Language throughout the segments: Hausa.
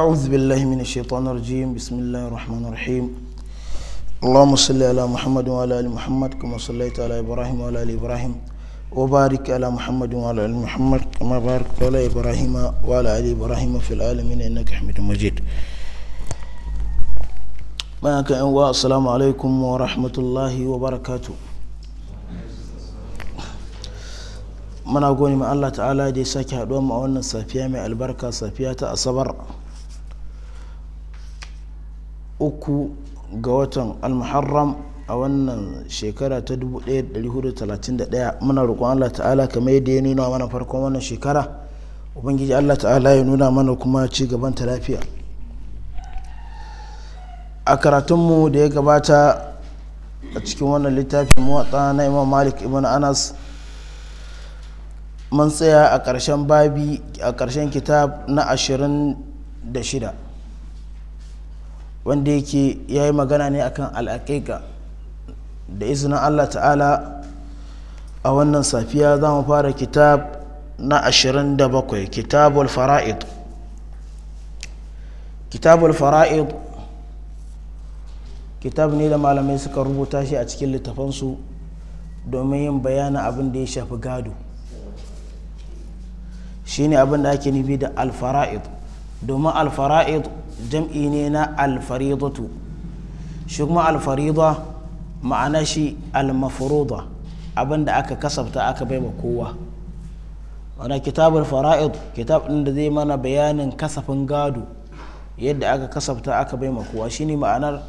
أعوذ بالله من الشيطان الرجيم بسم الله الرحمن الرحيم اللهم صل على محمد وعلى آل محمد كما صليت على إبراهيم وعلى آل إبراهيم وبارك على محمد وعلى آل محمد كما باركت على إبراهيم وعلى آل إبراهيم في العالمين إنك حميد مجيد معك أنواع السلام عليكم ورحمة الله وبركاته muna goni ma Allah ta'ala da ya sake haɗuwa mu a wannan safiya mai albarka safiya ta asabar uku ga watan almuharram a wannan shekara ta 1431 muna roƙon allah ta'ala kamar yadda ya nuna mana farkon wannan shekara ubangiji allah ta'ala ya nuna mana kuma ci gaban ta lafiya a karatunmu da ya gabata a cikin wannan littafin muwatsa na imam malik ibn anas mun tsaya a ƙarshen babi a ƙarshen kitab na ashirin da shida wanda yake ya yi magana ne akan al'aƙiƙa da izinin allah ta'ala a wannan safiya za mu fara kitab na 27 kitabul fara'id kitabul fara'id kitab ne da malamai suka rubuta shi a cikin littafansu domin yin bayanin abin da ya shafi gado shi ne abin da ake nufi da al-fara'id domin al-fara'id. jam'i ne na alfaridatu shi kuma alfarida ma'ana shi almafuruda abinda aka kasafta aka bai kowa wana kitabul fara'id kitab ɗin da zai mana bayanin kasafin gado yadda aka kasafta aka bai kowa shine ma'anar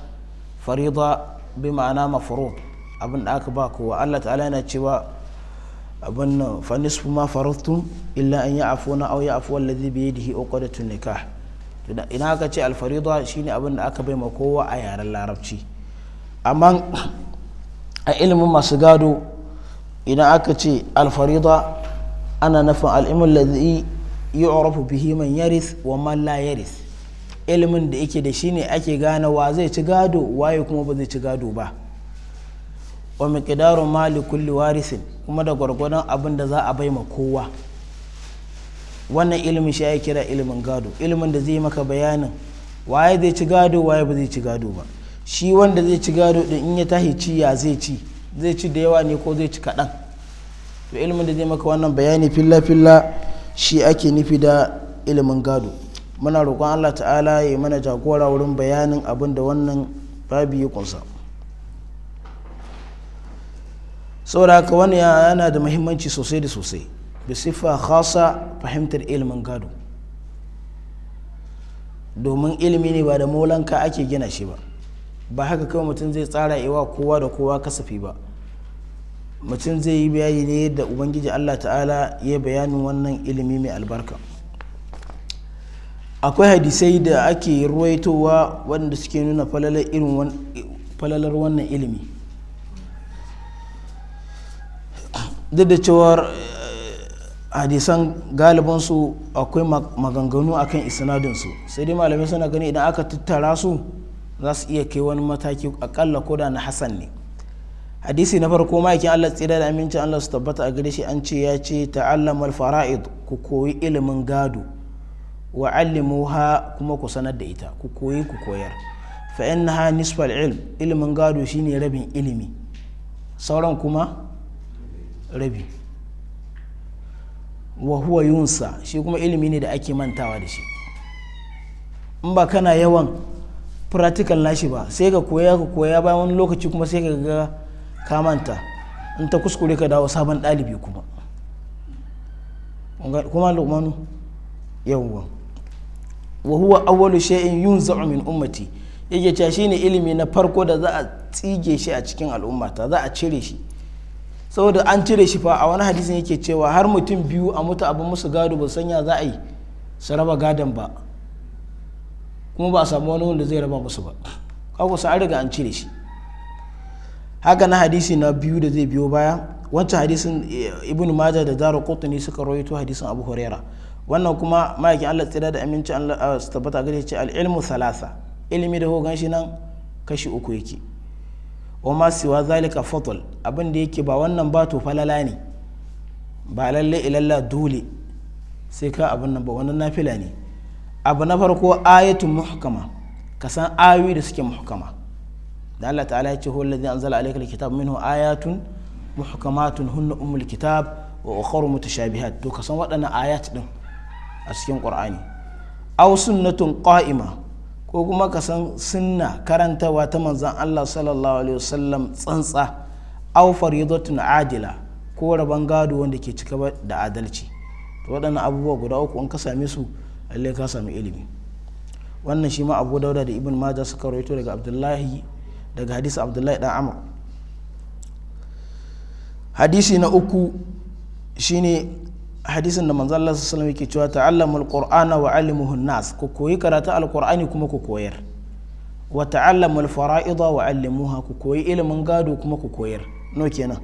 farida bi ma'ana mafurud abin da aka ba kowa Allah ta'ala yana cewa abin nan fa nisfu ma faradtum illa an ya'funa aw ya'fu alladhi bi yadihi uqdatun nikah ina aka ce alfarida shine abin da aka bai ma kowa a yaren larabci amma a ilimin masu gado idan aka ce alfarida ana nufin al'imin a yu'rafu bihi man yaris wa man la yaris ilimin da yake da shi ne ake gane wa zai ci gado waye kuma ba zai ci gado ba wa miqdaru mali kulli warisin kuma da gwargwadon abin da za a bai ma kowa wannan ilimin shi ya kira ilimin gado ilimin da zai maka bayanin waye zai ci gado waye ba zai ci gado ba shi wanda zai ci gado din in ya tahi ci ya zai ci zai ci da yawa ne ko zai ci kaɗan to ilimin da zai maka wannan bayani filla filla shi ake nufi da ilimin gado muna roƙon allah ta'ala ya mana jagora wurin bayanin abin da wannan babi ya kunsa saboda haka wani yana da muhimmanci sosai da sosai bisifa siffa khasa fahimtar ilimin gado domin ilimi ne ba da molanka ake gina shi ba ba haka kawai mutum zai tsara iwa kowa da kowa kasafi ba mutum zai yi bayani ne yadda ubangiji allah ta'ala ya bayanin wannan ilimi mai albarka akwai hadisai da ake ruwaitowa wanda suke nuna falalar wannan ilimi duk da cewar hadisan galibansu akwai maganganu akan isnadinsu sai dai malamai suna gani idan aka tattara su za su iya kai wani mataki akalla da na hasan ne hadisi na farko ma'aikin allah tsira da amincin allah su tabbata a gare shi an ce ya ce ta'allama fara'id ku koyi ilimin gado wa allimuha kuma ku sanar da ita ku koyi ku koyar fa innaha nisfal ilm ilimin gado shine rabin ilimi sauran kuma rabi wa huwa yunsa shi kuma ilimi ne da ake mantawa da shi in ba kana yawan practical nashi ba sai ka koya ka koya bayan wani lokaci kuma sai ka ga ka manta in ta kuskure ka dawo sabon ɗalibi kuma kuma lokmanu yawwa wa huwa awwalu shay'in yunza'u min ummati yake cewa shine ilimi na farko da za a tsige shi a cikin al'ummata za a cire shi saboda an cire shi fa a wani hadisin yake cewa har mutum biyu a mutu abin musu gado ba sanya za a yi su raba gadon ba kuma ba a samu wani wanda zai raba musu ba kawo sa an riga an cire shi haka na hadisi na biyu da zai biyo baya wancan hadisin eh, ibn maja da zara kotuni suka rawaito hadisin abu huraira wannan kuma ma'aikin allah tsira da aminci allah eh, tabbata gare ce al-ilmu thalatha ilimi da hogan shi nan kashi uku yake wa ma siwa zalika fatul abin da yake ba wannan ba to falala ne ba lalle ilalla dole sai ka abin nan ba wannan nafila ne abu na farko ayatun muhkama ka san ayoyi da suke muhkama da Allah ta'ala ya ce huwa allazi anzala alayka alkitab minhu ayatun muhkamatun hunna umul kitab wa ukhra mutashabihat to ka san waɗannan ayat din a cikin qur'ani aw sunnatun qa'ima ko kuma ka san sunna karantawa ta manzan Allah sallallahu alaihi wasallam tsantsa aw faridatun adila ko rabon gado wanda ke cika da adalci to waɗannan abubuwa guda uku in ka same su lalle ka sami ilimi wannan shi ma Abu Dauda da Ibn Majah suka rawaito daga Abdullahi daga hadisi Abdullahi dan Amr hadisi na uku shine hadisin da manzo Allah sallallahu alaihi wasallam yake cewa ta'allamul qur'ana wa 'allimuhu nas ku koyi karatu alqur'ani kuma ku koyar wa ta'allamul fara'ida wa 'allimuha ku koyi ilimin gado kuma ku koyar no kenan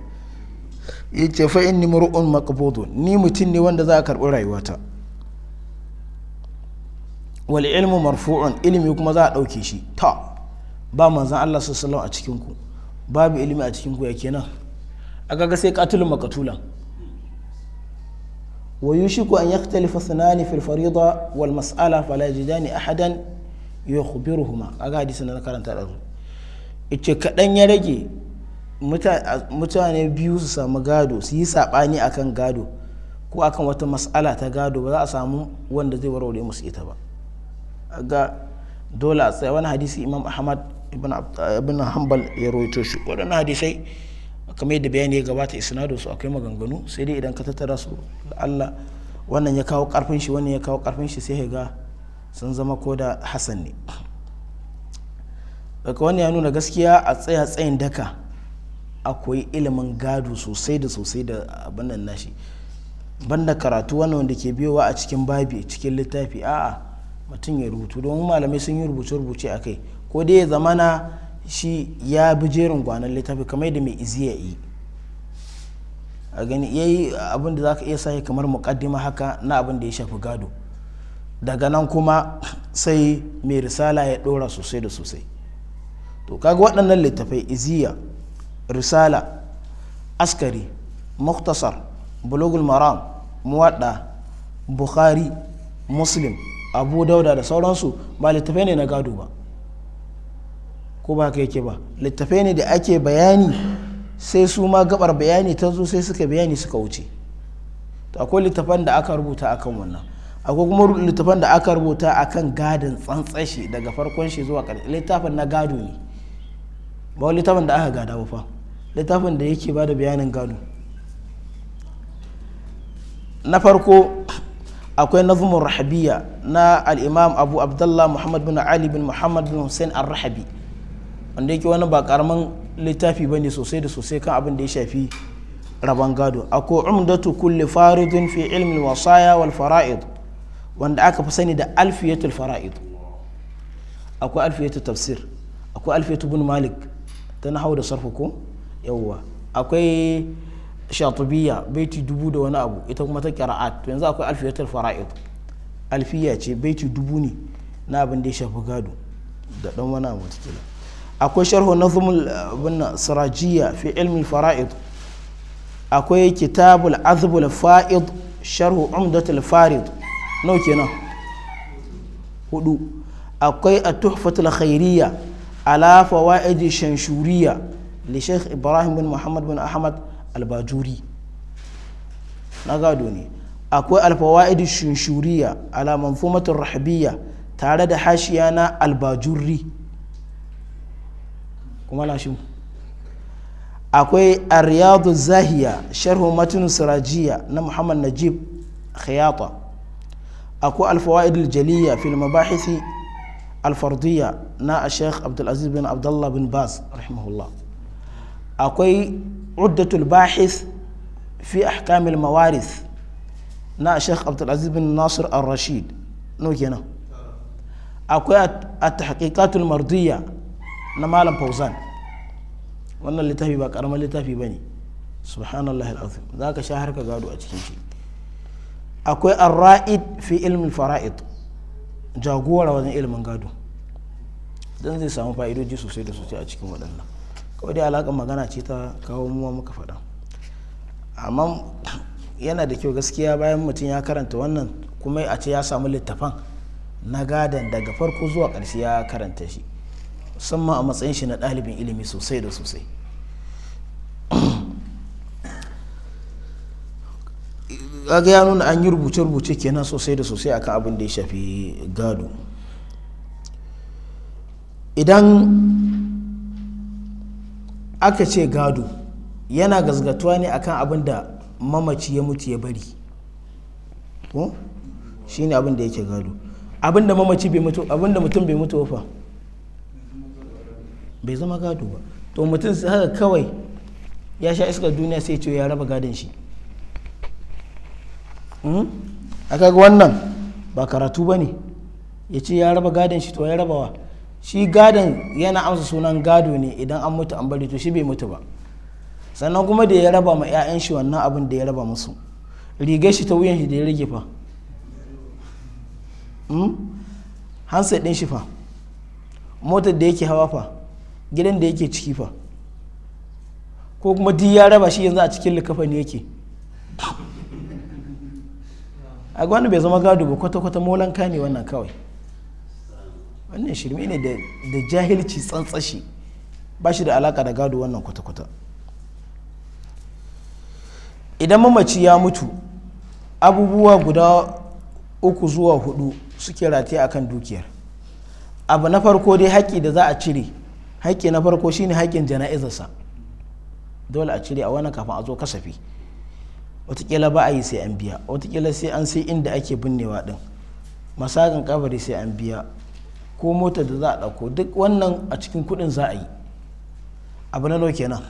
yace fa inni mar'un maqbudun ni mutum ne wanda za a karbi rayuwata wal ilmu marfu'un ilimi kuma za a dauke shi ta ba manzon Allah sallallahu a cikin babu ilimi a cikin ya kenan aka ga sai qatilun maqtulan ويوشك أن يختلف اثنان في الفريضة والمسألة فلا يجدان أحدا يخبرهما أقا حديث أنا كرنت الأرض kaɗan ya rage mutane biyu su samu gado su yi saɓani akan gado ko akan wata mas'ala ta gado ba za a samu wanda zai warware musu ita ba ga dole a tsaye wani hadisi imam ahmad ibn hanbal ya rawaito shi waɗannan hadisai kamar yadda bayani ya gabata isnadu su akwai maganganu sai dai idan ka tattara su da Allah wannan ya kawo karfin shi wannan ya kawo karfin shi sai ga sun zama ko da Hassan ne daga wannan ya nuna gaskiya a tsaya tsayin daka akwai ilimin gado sosai da sosai da abin nashi banda karatu wannan wanda ke biyowa a cikin babi cikin littafi a'a mutum ya rubutu domin malamai sun yi rubuce-rubuce a kai ko dai ya zamana shi ya bi jerin gwanon littafi kamar da mai ya yi a gani ya yi abin da za ka iya sahi kamar mukaddima haka na abin da ya shafi gado daga nan kuma sai mai risala ya ɗora sosai da sosai to kaga waɗannan littafai iziya risala askari muktasar bulogul maram muwadda bukhari muslim abu dauda da sauransu ba littafai ne na gado ba ko ba ka yake ba littafai ne da ake bayani sai su ma gabar bayani ta zo sai suka bayani suka wuce to akwai littafan da aka rubuta akan wannan akwai kuma littafan da aka rubuta akan gadin tsantsashi daga farkon shi zuwa ƙarshe littafin na gado ne ba littafin da aka gada ba fa littafin da yake ba da bayanin gado na farko akwai nazumin rahabiya na al'imam abu abdullah muhammad bin ali bin muhammad bin hussein al-rahabi wanda yake wani ba karaman littafi ba ne sosai da sosai kan abin da ya shafi rabon gado akwai umdatu kulli faridun fi ilmin wasaya wal fara'id wanda aka fi sani da alfiyatul fara'id akwai alfiyatul tafsir akwai alfiyatul bin malik ta nahau da sarfa ko yawwa akwai shatubiya baiti dubu da wani abu ita kuma ta qira'at to yanzu akwai alfiyatul fara'id alfiya ce baiti dubu ne na abin da ya shafi gado da dan wani abu akwai sharhu nazmul bin sirajiya fi ilmi fara'id akwai kitabul azbul fa'id sharhu umdatul farid nau kenan hudu akwai at-tuhfatul khairiyya ala fawaid shanshuriyya li sheikh ibrahim bin muhammad bin ahmad albajuri bajuri na gado ne akwai alfawaid shanshuriyya ala manzumatur rahbiyya tare da hashiya na albajuri. kuma lashin akwai ariyadu zahiya sharhu matinu sirajiya na muhammad najib khiyata akwai alfawaid aljaliya fil mabahisi alfardiya na sheikh abdulaziz bin abdullah bin bas rahimahullah akwai uddatul bahis fi ahkamil mawaris na sheikh abdulaziz bin nasir al-rashid no kenan akwai a tahqiqatul mardiya na malam fauzan wannan littafi ba karamar littafi ba ne subhanallah al'azim za ka sha harka gado a cikin shi akwai arra'id fi ilmin fara'id jagora wajen ilimin gado don zai samu fa'idoji sosai da sosai a cikin waɗannan kawai dai alaƙar magana ce ta kawo muwa muka faɗa amma yana da kyau gaskiya bayan mutum ya karanta wannan kuma a ce ya samu littafan na gadon daga farko zuwa ƙarshe ya karanta shi musamman a matsayin shi na ɗalibin ilimi sosai da sosai kaga ya nuna an yi rubuce-rubuce kenan sosai da sosai akan abin da ya shafi gado idan aka ce gado yana gazgatuwa ne akan abin da mamaci ya mutu ya bari ko shi ne abin da yake gado abin da mamaci bai mutu abin da mutum bai mutu fa bai zama gado ba to mutum haka kawai ya sha iskar duniya sai ce ya raba gadon shi hmm? a kaga wannan ba karatu ba ne ya ce ya raba gadon shi to ya rabawa shi gadon yana amsa sunan gado ne idan an mutu an bari to shi bai mutu ba sannan kuma da ya raba ma 'ya'yan shi wannan abin da ya raba musu rigar shi ta wuyan shi da ya rage fa hmm? hansa ɗin shi fa motar da yake hawa fa gidan da yake ciki fa ko kuma duk ya raba shi yanzu a cikin likafa ne yake a wani bai zama gado ba kwata-kwata molan ne wannan kawai wannan shirme ne da jahilci tsantsashi ba shi da alaka da gado wannan kwata-kwata idan mamaci ya mutu abubuwa guda uku zuwa hudu suke rataye akan dukiyar abu na farko dai haƙƙi da za a cire haƙƙi na farko shine haƙƙin jana'izarsa dole a cire a wannan kafin a zo kasafi watakila ba a yi sai an biya watakila sai an sai inda ake binnewa din masakan kabari sai an biya ko mota da za a ɗauko duk wannan a cikin kuɗin za a yi abu na nau kenan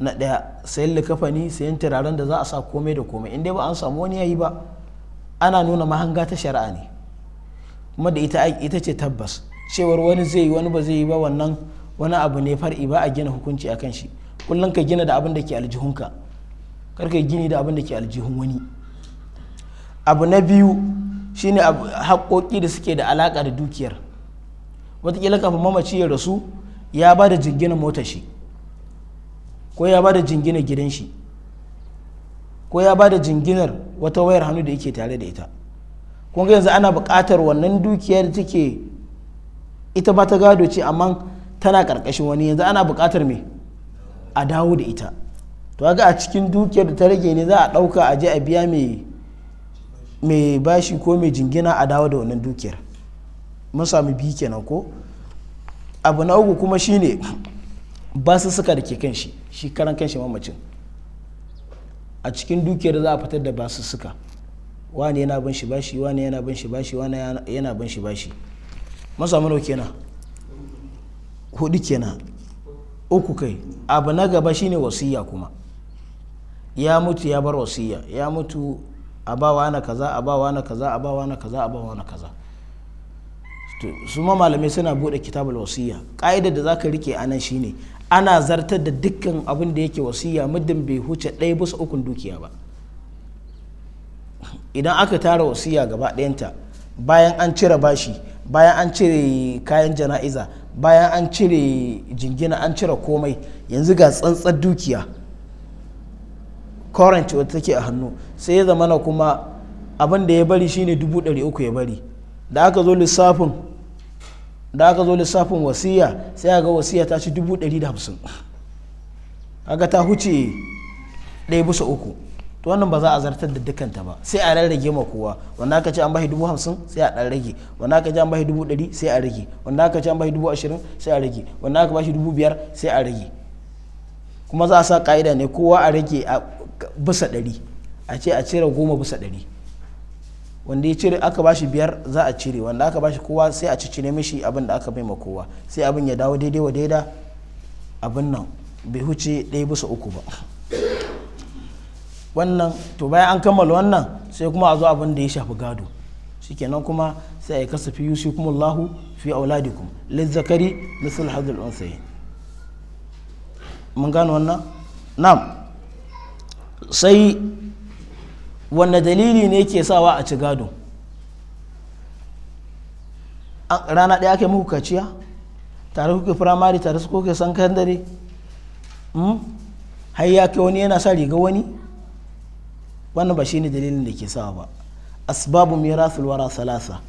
na ɗaya sayan likafani sayan turaren da za a sa komai da komai in dai ba an samu wani yi ba ana nuna mahanga ta shari'a ne kuma da ita ce tabbas cewar wani zai yi wani ba zai yi ba wannan wani abu ne far'i ba a gina hukunci a kan shi kullum ka gina da abin da ke aljihunka kar ka gini da abin da ke aljihun wani abu na biyu shine haƙoƙi da suke da alaƙa da dukiyar wataƙila kafin mamaci ya rasu ya ba da jingina mota shi ko ya ba da jingina gidan shi ko ya ba da jinginar wata wayar hannu da yake tare da ita kun yanzu ana buƙatar wannan dukiyar da take ita ba ta gado ce amma tana karkashin wani yanzu ana buƙatar me a dawo da ita to ga a cikin dukiyar da ta rage ne za a ɗauka a je a biya mai bashi ko mai jingina a dawo da wannan dukiyar mun sami biyu kenan ko abu na uku kuma shine ba su suka da ke kan shi shi karan kan shi mamacin a cikin dukiyar za a fitar da ba su suka wani yana ban shi bashi wani yana ban shi bashi wani yana ban shi bashi masa samu nau kenan hudu kenan uku kai abu na gaba shine wasiya kuma ya mutu ya bar wasiya ya mutu a bawa na kaza a bawa na kaza a bawa na kaza a bawa na kaza su ma malamai suna bude kitabul wasiya ka'idar da zaka rike a anan shine ana zartar da dukkan abin da yake wasiya muddin bai huce ɗaya bisa ukun dukiya ba idan aka tara wasiya gaba ɗayanta bayan an cire bashi bayan an cire kayan jana'iza bayan an cire jingina an cire komai yanzu ga tsantsar dukiya current wata take a hannu sai ya zamana kuma abin da ya bari shine dubu ɗari uku ya bari da aka zo lissafin da aka zo lissafin wasiya sai ga wasiya ta ci dubu ɗari da hamsin aka ta huce ɗaya bisa uku to wannan ba za a zartar da dukanta ba sai a rarrage ma kowa wanda aka ce an bashi dubu hamsin sai a dan rage wanda aka ce an bashi dubu ɗari sai a rage wanda aka ce an bashi dubu ashirin sai a rage wanda aka bashi dubu biyar sai a rage kuma za a sa ka'ida ne kowa a rage a bisa ɗari a ce a cire goma bisa ɗari wanda ya cire aka bashi biyar za a cire wanda aka bashi kowa sai a cicire mishi abin da aka bai ma kowa sai abin ya dawo daidai wa daida abin nan bai huce ɗaya bisa uku ba wannan to bayan an kammala wannan sai kuma a zo abin da ya shafi gado shikenan kuma sai ya kasafi kuma Allahu fi auladikum lizzakari misal hadul unsayi mun gano wannan na'am sai wanne dalili ne ke sawa a ci gado rana ɗaya ake muku kaciya tare kuke firamare tare su kuke san kandare dare hmm? wani yana sa riga wani wannan ba shi ne dalilin da ke sa ba asbabu mirasul wara salasa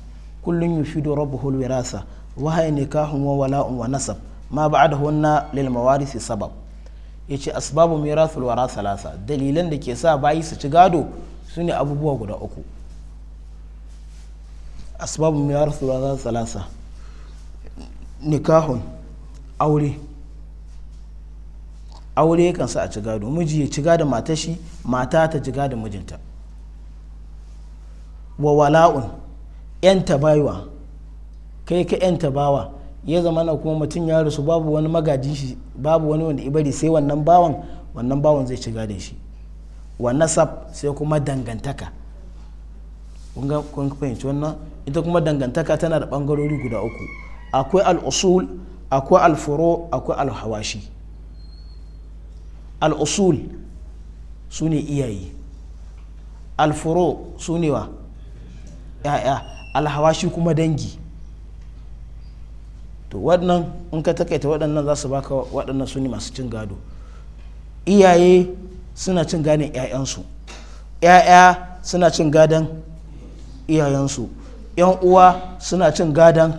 kullun yufidu rabbuhu alwirasa wa hay nikahun wa wala'un wa nasab ma ba'dahunna lil mawarisi sabab yace asbabu mirasul wara salasa dalilan da ke sa bayi su ci gado sune abubuwa guda uku asbabu mirasul wara salasa nikahun aure aure yakan sa a ci gado miji ya ci gado mata shi mata ta ci gado mijinta wa wala'un yan tabaiwa kai ka yan tabawa ya zama na kuma mutum ya rasu babu wani magajin shi babu wani wanda ibari sai wannan bawan wannan bawan zai ci gadon shi wa nasab sai kuma dangantaka kun fahimci wannan ita kuma dangantaka tana da bangarori guda uku akwai al'usul akwai alfuro akwai alhawashi al'usul su ne iyaye alfuro su ne wa ya'ya alhawashi kuma dangi to waɗannan in ka takaita waɗannan za su baka waɗannan su ne masu cin gado iyaye suna cin ganin 'ya'yansu 'ya'ya suna cin gadon iyayensu 'yan uwa suna cin gadon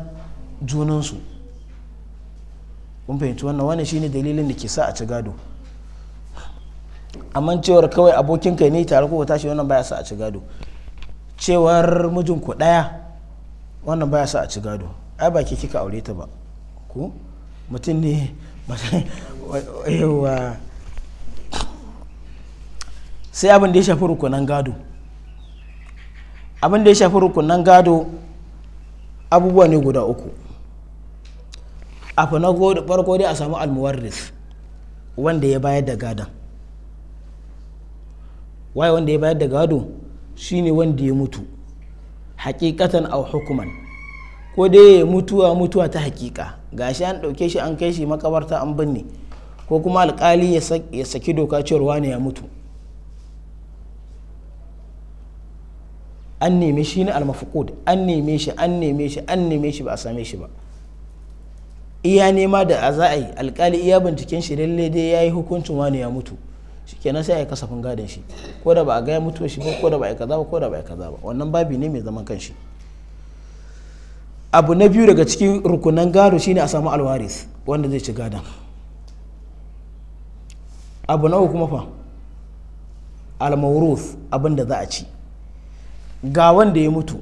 junansu kun fahimci wannan wani shine dalilin da ke sa a ci gado amma cewar kawai abokin kai ne tare ko tashi wannan baya sa a ci gado cewar mijin ku daya wannan baya sa a ci gado ai ba ki kika aure ta ba ku mutum ne yawa sai abin da ya shafi rukunan gado abin da ya shafi rukunan gado abubuwa ne guda uku abu na farko dai a samu almuwarris wanda ya bayar da gadon waye wanda ya bayar da gado shine wanda ya mutu hakikatan au hukuman ko dai ya mutuwa mutuwa ta hakika gashi an ɗauke shi an kai shi makabarta an binne ko kuma alkali ya saki doka cewar ne ya mutu an neme shi ne almafukud an neme shi an neme shi an neme shi ba a same shi ba iya nema da a za alkali iya binciken shi lalle dai ya yi hukuncin wani ya mutu shikenan sai a yi kasafin gadon shi ko da ba a gaya mutuwa shi ko da ba a kaza ba ko da ba a kaza ba wannan babi ne mai zaman kanshi abu na biyu daga cikin rukunan gado shine a samu alwaris wanda zai ci gadon abu na uku kuma fa almawruf abin da za a ci ga wanda ya mutu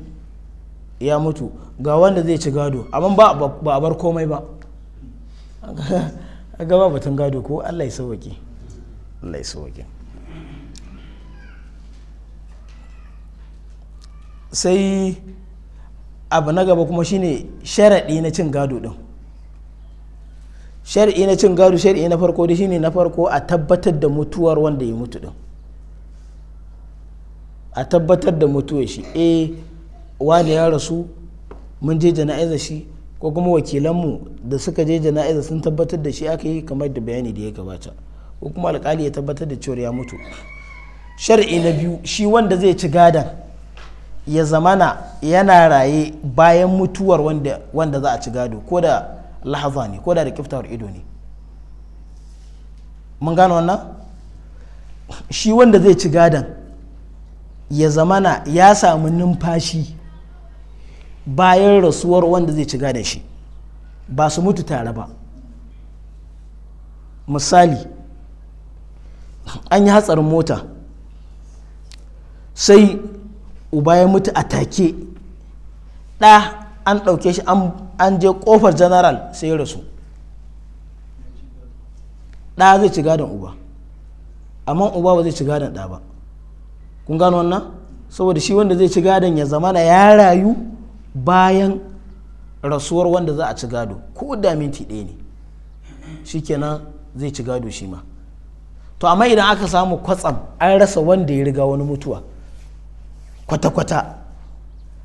ya mutu ga wanda zai ci gado amma ba a bar komai ba a gaba batun gado ko allah ya sauwaƙe Allah ya sauke sai abu na gaba kuma shine sharaɗi na cin gado ɗin shari'i na cin gado shari'i na farko da shine na farko a tabbatar da mutuwar wanda ya mutu ɗin a tabbatar da mutuwar shi eh wani ya rasu mun je jana'iza shi ko kuma wakilanmu da suka je jana'iza sun tabbatar da shi aka yi kamar da bayani da ya gabata ko kuma alkali ya tabbatar da cewar ya mutu shar'i na biyu shi wanda zai ci gadan ya zamana yana raye bayan mutuwar wanda, wanda za a ci gado ko da lahaza ne ko da da kiftawar ido ne mun gano wannan shi wanda zai ci gadan ya zamana ya samu numfashi bayan rasuwar wanda zai ci gadan shi ba su mutu tare ba misali an yi hatsarin mota sai uba ya mutu a take ɗa an ɗauke shi an je ƙofar general sai ya rasu ɗa zai ci gadon uba amma uba ba zai ci gadon ɗa ba kun gano wannan saboda shi wanda zai ci gadon ya zama na ya rayu bayan rasuwar wanda za a ci gado ko da minti ɗaya ne shikenan zai ci gado shi ma to amma idan aka samu kwatsam an rasa wanda ya riga wani mutuwa kwata-kwata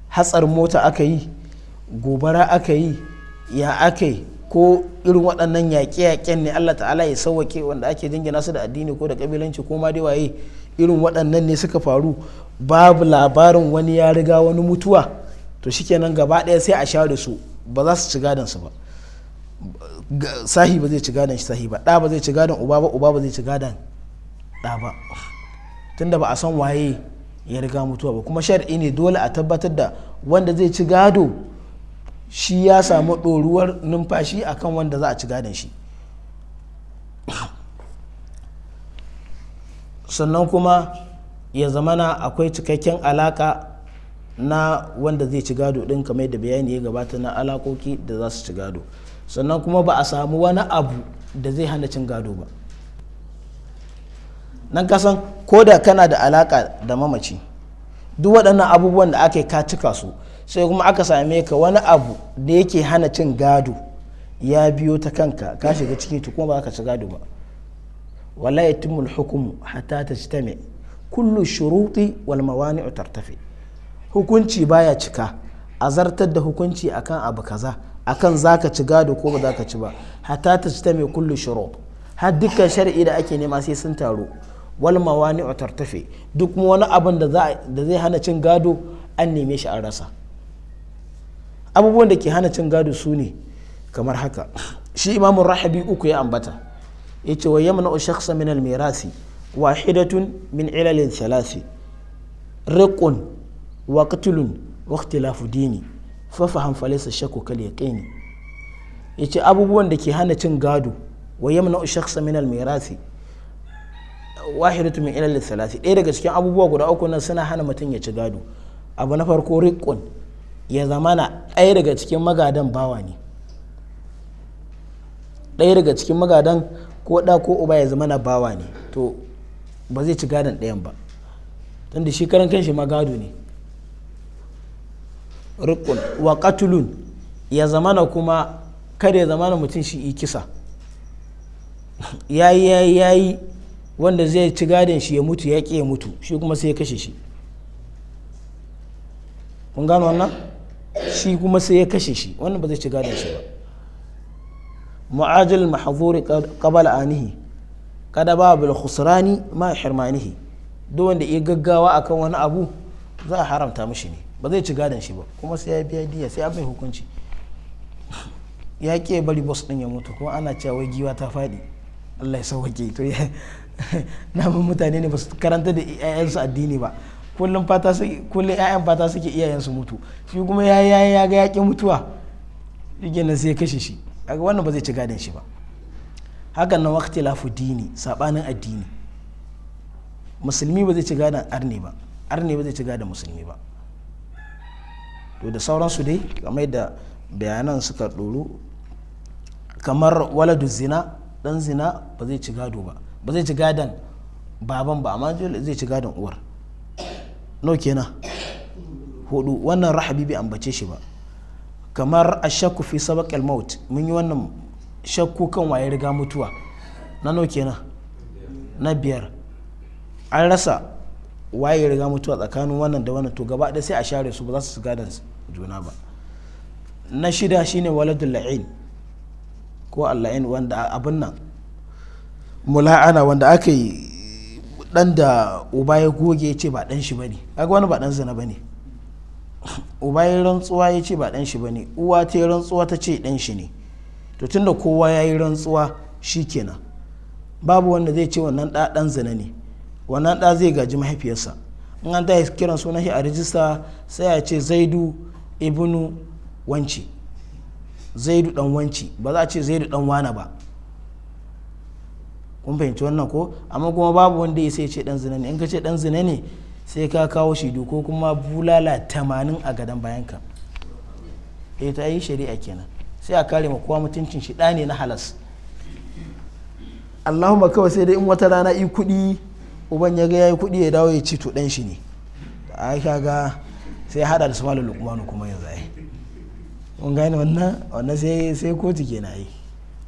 hatsar mota aka yi gobara aka yi ya aka yi ko irin waɗannan yaƙe-yaƙen ne allah ta'ala ya sauwake wanda ake jingina su da addini ko da ƙabilanci ko ma da waye irin waɗannan ne suka faru babu labarin wani ya riga wani mutuwa to shikenan gaba ɗaya sai a share su ba za su ci gadon su ba sahi ba zai ci gadon shi sahi ba ɗa ba zai ci gadon uba ba uba ba zai ci gadon ɗa ba tunda ba a san waye ya riga mutuwa ba kuma shar'i ne dole a tabbatar da wanda zai ci gado shi ya samu ɗoruwar numfashi akan wanda za a ci gadon shi sannan kuma ya zamana akwai cikakken alaka na wanda zai ci gado ɗin kamar da bayani ya gabata na alakoki da za su ci gado sannan kuma ba a samu wani abu da zai hana cin gado ba nan kasan ko da kana da alaka da mamaci duk waɗannan abubuwan da aka ka cika su sai kuma aka same ka wani abu da yake hana cin gado ya biyo ta kanka ka shiga ciki to kuma ba ka ci gado ba wallahi tumul hukumu hatta tajtami kullu shuruti wal mawani'u tartafi hukunci baya cika azartar da hukunci akan abu kaza akan zaka ci gado ko ba ka ci ba hatta ta ci ta mai kullu shiro har dukkan shari'i da ake nema sai sun taru wal mawani tartafe duk wani abin da zai hana cin gado an neme shi an rasa abubuwan da ke hana cin gado su ne kamar haka shi imamu rahabi uku ya ambata ya ce wa yamna shakhsa min al mirasi wahidatun min ilalin thalasi riqun wa qatlun wa dini fafaham falaisa shakku kal yaqini yace abubuwan da ke hana cin gado wa yamna shakhsa min al mirasi wahidatu min al thalathi ɗaya daga cikin abubuwa guda uku nan suna hana mutum ya ci gado abu na farko riqqun ya zamana ɗaya daga cikin magadan bawa ne ɗaya daga cikin magadan ko ɗa ko uba ya zamana bawa ne to ba zai ci gadon ɗayan ba tunda shi karan kanshi magado ne rukun wa katulun ya zamana kuma kada ya zamana mutum shi yi kisa yi ya yi wanda zai ci gadon shi ya mutu ya ya mutu shi kuma sai ya kashe shi kun gano wannan shi kuma sai ya kashe shi wannan ba zai ci gadon shi ba mu'ajil mahzuri qabala anihi kada ba bil khusrani ma hirmanihi duk wanda ya gaggawa akan wani abu za a haramta mishi ne ba zai ci gadon shi ba kuma sai ya biya diya sai abin hukunci ya ke bari boss din ya mutu kuma ana cewa wai giwa ta fadi Allah ya sauke to ya namun mutane ne ba su karanta da su addini ba kullum fata su kullum iyayen fata suke iyayen su mutu shi kuma ya ya ya ga yaƙi mutuwa yake nan sai ya kashe shi kaga wannan ba zai ci gadon shi ba hakan na waqti lafu dini sabanin addini musulmi ba zai ci gadon arne ba arne ba zai ci gadon musulmi ba to da sauransu dai kamar da bayanan suka ɗoro kamar waladu zina dan zina ba zai ci gado ba ba zai ci gadon baban ba amma zai ci gadon uwar no kenan hudu wannan rahabi bai ambace shi ba kamar ashakku fi al maut mun yi wannan shakku kan waye riga mutuwa na no kenan na biyar an rasa waye riga mutuwa tsakanin wannan da wannan to gaba ɗaya sai a share su ba za su gadon su juna ba na shida shine waladul la'in ko alla'in wanda abin nan mula'ana wanda aka yi dan da uba ya goge ya ce ba dan shi bane kaga wani ba dan zina bane uba ya rantsuwa ya ce ba dan shi bane uwa ta yi rantsuwa ta ce dan shi ne to tunda kowa ya yi rantsuwa shikenan babu wanda zai ce wannan da dan zina ne wannan da zai gaji mahaifiyarsa in an ta kiran sunan shi a rijista sai a ce zaidu ibnu wanci zaidu dan wanci ba za a ce zaidu dan wana ba kun fahimci wannan ko amma kuma babu wanda ya sai ce dan zina ne in ka ce dan zina ne sai ka kawo shidu ko kuma bulala tamanin a gadon bayanka e ta yi shari'a kenan sai a kare ma kowa mutuncin shi ne na halas allahumma kawai sai dai in wata rana yi kuɗi uban ya ga ya yi kuɗi ya dawo ya ci to ɗan shi ne a ga sai hada da su lukmanu kuma yanzu ai mun gane wannan wannan sai sai ke kenan yi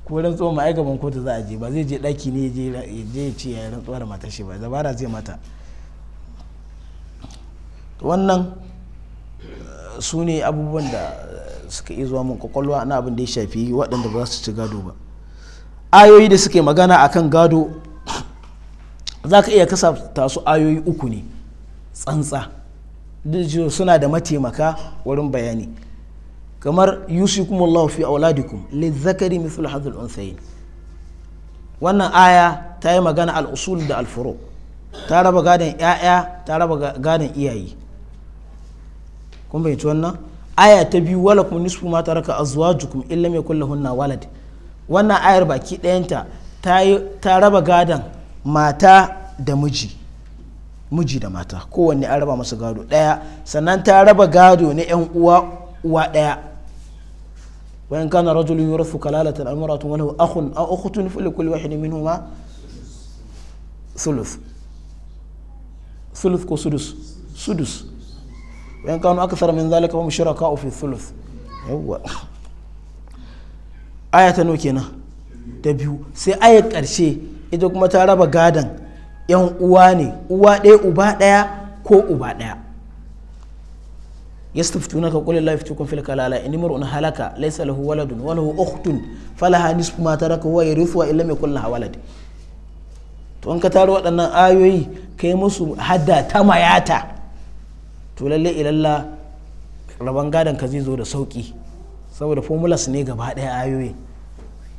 ko rantsuwar ma'aikatan kotu za a je ba zai je daki ne ya je ya ce ya rantsuwa da mata shi ba zabara zai mata wannan eh, su ne abubuwan da eh, suka yi zuwa mun kwakwalwa na abin da ya shafi waɗanda ba su ci gado ba ayoyi da suke magana a kan gado za ka iya kasa su ayoyi uku ne tsantsa suna da mataimaka wurin bayani kamar kuma Allah fi auladikum zakari mithl hadhil unthayin wannan aya ta yi magana al-usul da al-furu ta raba gadon ya'ya ta raba gadon iyaye kun ci wannan aya ta biyu wala kuma nisfu ma taraka azwajukum illam yakul lahunna walad wannan ayar baki ɗayanta ta raba gadon mata da miji miji da mata kowanne an raba masu gado ɗaya sannan ta raba gado na 'yan uwa uwa ɗaya wayan kana rajulun yurathu kalalatan amratun walahu akhun aw ukhtun fa kulli wahidin minhuma thuluth thuluth ko sudus sudus wayan kana akthar min dhalika fa mushraka'u fi thuluth yawa aya ta kenan ta biyu sai ayat ƙarshe ita kuma ta raba gadon 'yan uwa ne uwa ɗaya uba ɗaya ko uba ɗaya ka qul la tukun fil kalala in un halaka laysa lahu waladun wa lahu ukhtun falaha nisfu ma taraka wa yarithu illa illam yakul laha walad to an ka taro waɗannan ayoyi kai musu hadda ta mayata to lalle ilalla rabon gadon ka zai zo da sauki saboda formulas ne gaba ɗaya ayoyi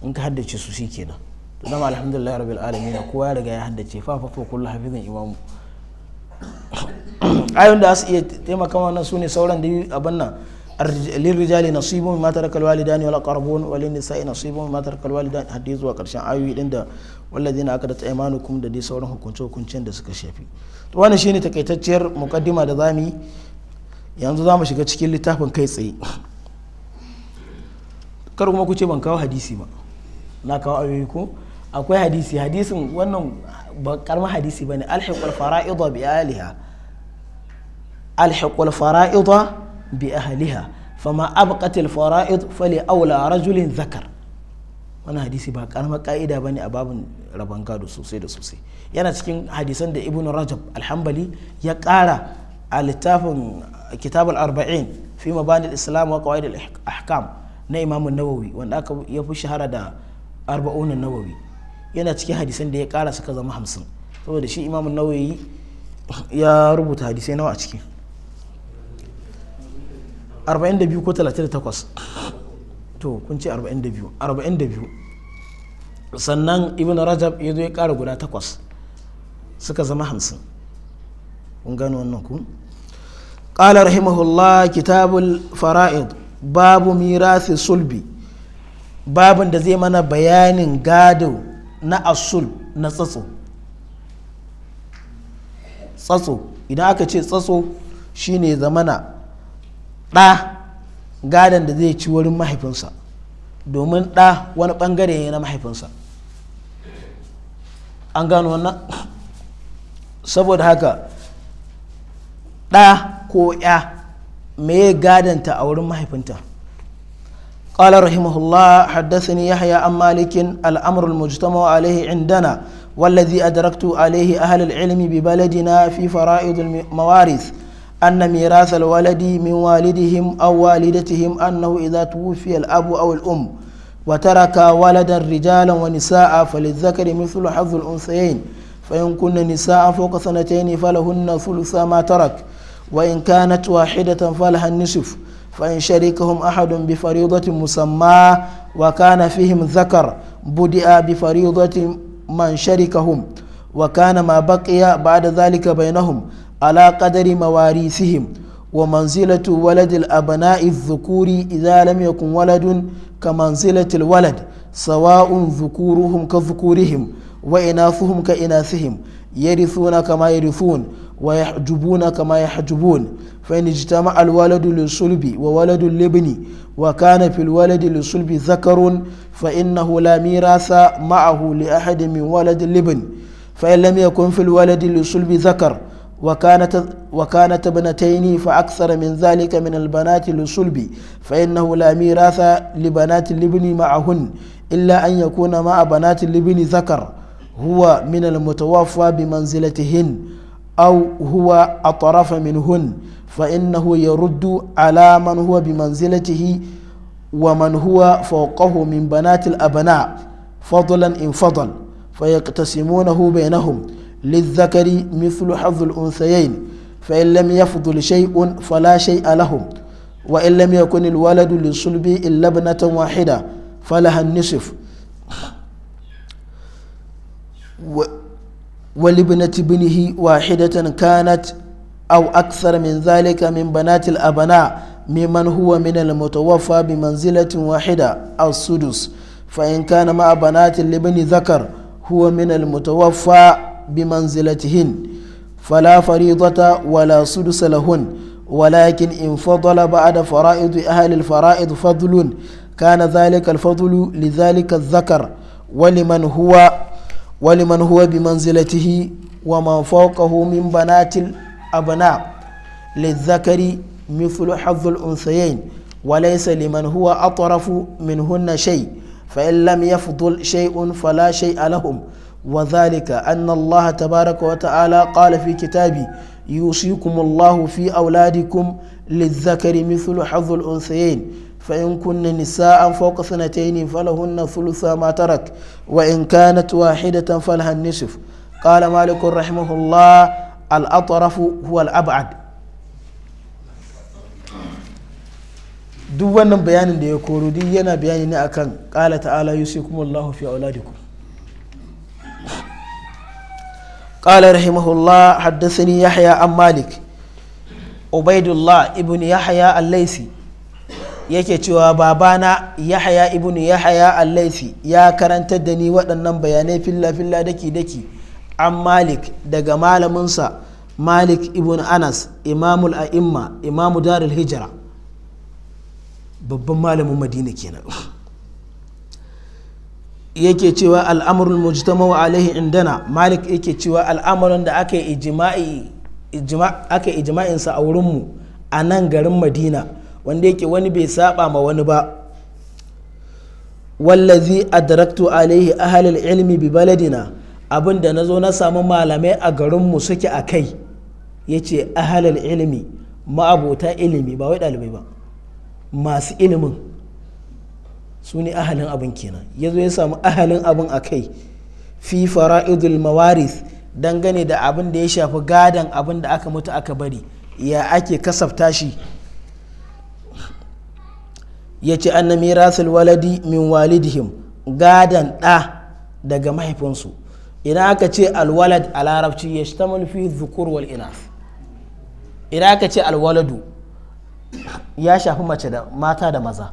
in ka haddace su shikenan to dama alhamdulillah rabbil alamin kowa ya riga ya haddace fa fa kullu hafizin imamu ayon da su iya taimaka wannan su ne sauran da abin nan lirrijali nasibun mimma tarakal walidani wal aqrabun wal nisa'i nasibun mimma tarakal walidani haddi zuwa karshen ayoyi din da walladina aka da taimanukum da dai sauran hukunce hukuncen da suka shafi to wannan shine takaitacciyar muqaddima da zamu yi yanzu zamu shiga cikin littafin kai tsaye kar kuma ku ce ban kawo hadisi ba na kawo ayoyi ko akwai hadisi hadisin wannan ba karamar hadisi bane alhiqul fara'idha bi ahliha alhiqul fara'idha bi ahliha fama abqatil fara'id fali aula rajulin zakar wannan hadisi ba karamar ka'ida bane a babin rabon gado sosai da sosai yana cikin hadisan da ibnu rajab alhambali ya kara a littafin kitab al-arba'in fi mabani al-islam wa qawaid al-ahkam na imam an-nawawi wanda aka ya fi shahara da arba'un an-nawawi yana cikin hadisan da ya kara suka zama hamsin saboda shi imamun nawayi ya rubuta hadisai nawa a ciki 42 ko 38 to kun ce 42 42 sannan ibn rajab ya zo ya kara guda takwas suka zama hamsin kun gano wannan ku قال رحمه الله كتاب الفرائض باب ميراث الصلب باب da zai mana bayanin gado na asul na tsatso tsatso idan aka ce tsatso shine zamana ɗa gadon da zai ci wurin mahaifinsa domin ɗa wani ɓangare ne na mahaifinsa an gano wannan saboda haka ɗa ko ya me gadanta a wurin mahaifinta قال رحمه الله حدثني يحيى عن مالك الأمر المجتمع عليه عندنا والذي أدركت عليه أهل العلم ببلدنا في فرائض الموارث أن ميراث الولد من والدهم أو والدتهم أنه إذا توفي الأب أو الأم وترك ولدا رجالا ونساء فللذكر مثل حظ الأنثيين فإن كن نساء فوق سنتين فلهن ثلث ما ترك وإن كانت واحدة فلها النصف فإن شركهم أحد بفريضة مسمى وكان فيهم ذكر بدأ بفريضة من شركهم وكان ما بقي بعد ذلك بينهم على قدر مواريثهم ومنزلة ولد الأبناء الذكور إذا لم يكن ولد كمنزلة الولد سواء ذكورهم كذكورهم وإناثهم كإناثهم يرثون كما يرثون ويحجبون كما يحجبون فإن اجتمع الولد للصلب وولد لابن وكان في الولد للصلب ذكر فإنه لا ميراث معه لأحد من ولد لابن فإن لم يكن في الولد للصلب ذكر وكانت وكانت ابنتين فأكثر من ذلك من البنات للصلب فإنه لا ميراث لبنات الابن معهن إلا أن يكون مع بنات الابن ذكر هو من المتوفى بمنزلتهن أو هو أطرف منهن فإنه يرد على من هو بمنزلته ومن هو فوقه من بنات الأبناء فضلا إن فضل فيقتسمونه بينهم للذكر مثل حظ الأنثيين فإن لم يفضل شيء فلا شيء لهم وإن لم يكن الولد للصلب إلا ابنة واحدة فلها النصف و ولابنة ابنه واحدة كانت أو أكثر من ذلك من بنات الأبناء ممن هو من المتوفى بمنزلة واحدة أو السدس فإن كان مع بنات لابن ذكر هو من المتوفى بمنزلتهن فلا فريضة ولا سدس لهن ولكن إن فضل بعد فرائض أهل الفرائض فضل كان ذلك الفضل لذلك الذكر ولمن هو ولمن هو بمنزلته ومن فوقه من بنات الأبناء للذكر مثل حظ الأنثيين وليس لمن هو أطرف منهن شيء فإن لم يفضل شيء فلا شيء لهم وذلك أن الله تبارك وتعالى قال في كتابه يوصيكم الله في أولادكم للذكر مثل حظ الأنثيين فإن كن نساء فوق سنتين فلهن ثلث ما ترك وإن كانت واحدة فلها النصف قال مالك رحمه الله الأطرف هو الأبعد duk wannan bayanin da ya koro duk yana bayani ne akan ƙala ta'ala yusikum Allahu fi auladikum قال رحمه الله حدثني يحيى عن مالك عبيد الله ابن يحيى الليثي yake cewa babana yahaya ibn yahaya al-laifi ya karantar da ni waɗannan bayanai filla-filla daki-daki an malik daga malaminsa malik ibn anas imamul a'imma imamu darul hijira babban malamin madina kenan yake cewa mujtama mujtama'u alaihi indana malik yake cewa al'amuran da aka yi ijma'insa a wurinmu a nan garin madina wanda yake wani bai saba ma wani ba wallazi adraktu alaihi ahalil ilmi bi baladina abinda nazo na samu malamai a garinmu suke a kai yace ahalil ilmi ma'abota ilimi ba wai dalibai ba masu ilimin su ne ahalin abin kenan yazo ya samu ahalin abin a kai fi fara'idul mawaris dangane da abin da ya shafi gadon abin da aka mutu aka bari ya ake kasafta shi ya ce an na mirasul waladi min walidihim gadan ɗa daga mahaifinsu ina aka ce alwalad a larabci ya shi fi zukur wal inaf ina aka ce alwaladu ya shafi mace da mata da maza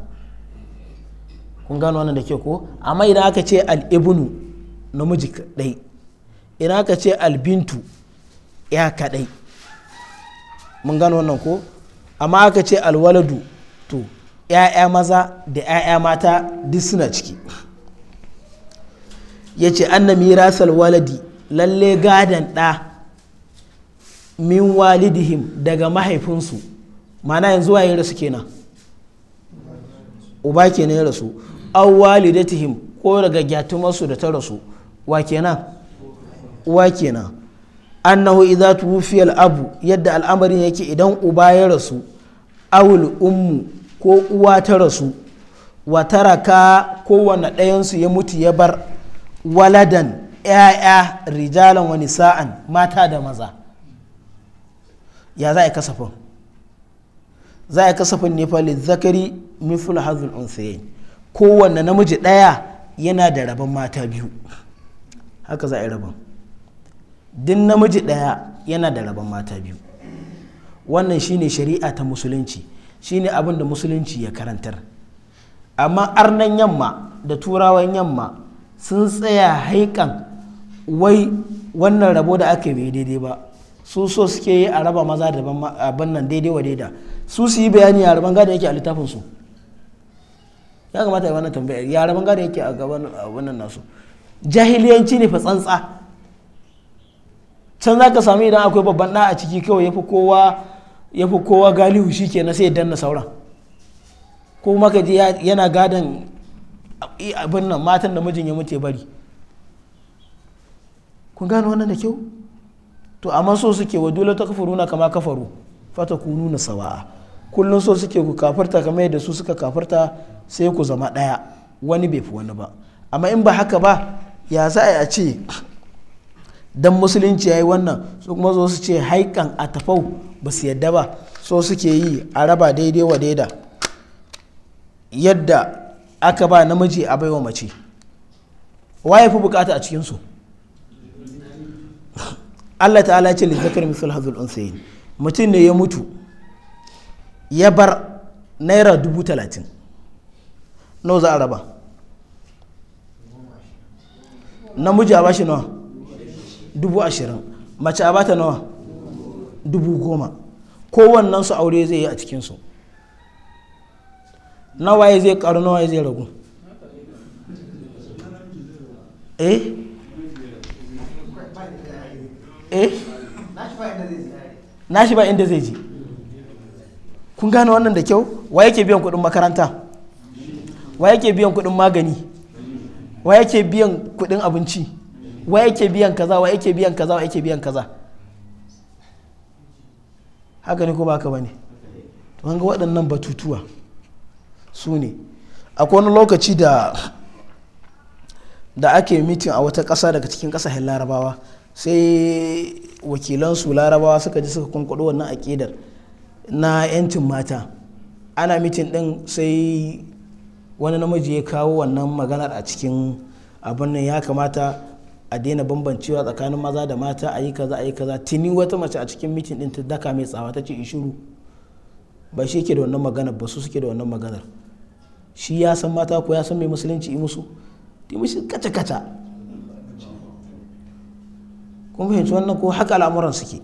kun gano wannan da ke ko amma ina aka ce al'ibnu namiji kaɗai ina aka ce albintu ya kaɗai mun gano wannan ko amma aka ce alwaladu to 'ya'ya maza da 'ya'ya mata duk suna ciki ya ce an nami mirasal waladi lalle gadon ɗa min walidihim daga mahaifinsu mana yanzu waye rasu kenan uba kenan ya rasu an walidatihim ko daga gyatumarsu da ta rasu wa kenan wa kenan annahu idza tuwfiya al-abu yadda al'amarin yake idan uba ya rasu awul ummu ko uwa ta rasu wa taraka kowane ɗayansu ya mutu ya bar waladan ‘ya'ya rijalan wani sa'an mata da maza ya za a yi kasafin za a yi kasafin ne zakari miful hazul unsayin kowanne namiji ɗaya yana da rabon mata biyu haka za a yi rabon duk namiji ɗaya yana da rabon mata biyu wannan shine shari'a ta musulunci shine abin da musulunci ya karantar amma arnan yamma da turawan yamma sun tsaya haikan wai wannan rabo da aka yi daidai ba su so suke yi a raba maza da abin nan daidai wa daida su su yi bayani a raban gada yake a littafin su ya kamata yi wannan tambaya ya raban gada yake a gaban wannan nasu jahiliyanci ne fa tsantsa can za ka sami idan akwai babban ɗa a ciki kawai ya fi kowa ya fi kowa galihu shi ke na sai danna sauran ko maka yana gadon abin nan matan da mijin ya mutu bari kun gano wannan da kyau to amma so suke wa dole ta kafaruna kama kafaru fata ku nuna sawa'a kullum so suke ku kafarta kamar yadda su suka kafarta sai ku zama ɗaya wani bai fi wani ba amma in ba haka ba ya za a ce dan musulunci ya yi wannan su kuma zo su ce haikan a tafau ba su yadda ba so suke yi a raba daidai wa daida yadda aka ba namiji a baiwa mace waye fi bukata a cikinsu Allah ta'ala ce li zakar misal hazul unsayin mutum ne ya mutu ya bar naira dubu talatin nawa za a raba namiji a bashi nawa dubu ashirin mace a bata nawa dubu goma kowannen su aure zai yi a cikinsu waye zai karu waye zai ragu eh eh na shi ba inda zai ji kun gane wannan da kyau wa yake biyan kudin makaranta wa yake biyan kudin magani wa yake biyan kudin abinci wa yake biyan kaza wa yake biyan kaza wa yake biyan kaza haka ne ko ba ka bane to ga waɗannan batutuwa su ne akwai wani lokaci da da ake mitin a wata ƙasa daga cikin ƙasashen larabawa sai wakilansu larabawa suka ji suka kunkuɗo wannan aƙidar na 'yancin mata ana mitin ɗin sai wani namiji ya kawo wannan maganar a cikin abin nan ya kamata a daina bambancewa tsakanin maza da mata a yi kaza a yi kaza tuni wata mace a cikin mitin din ta daka mai tsawa ta ce in shiru ba shi yake da wannan magana ba su suke da wannan maganar shi ya san mata ko ya san mai musulunci yi musu ta mishi kaca kaca kun fahimci wannan ko haka al'amuran suke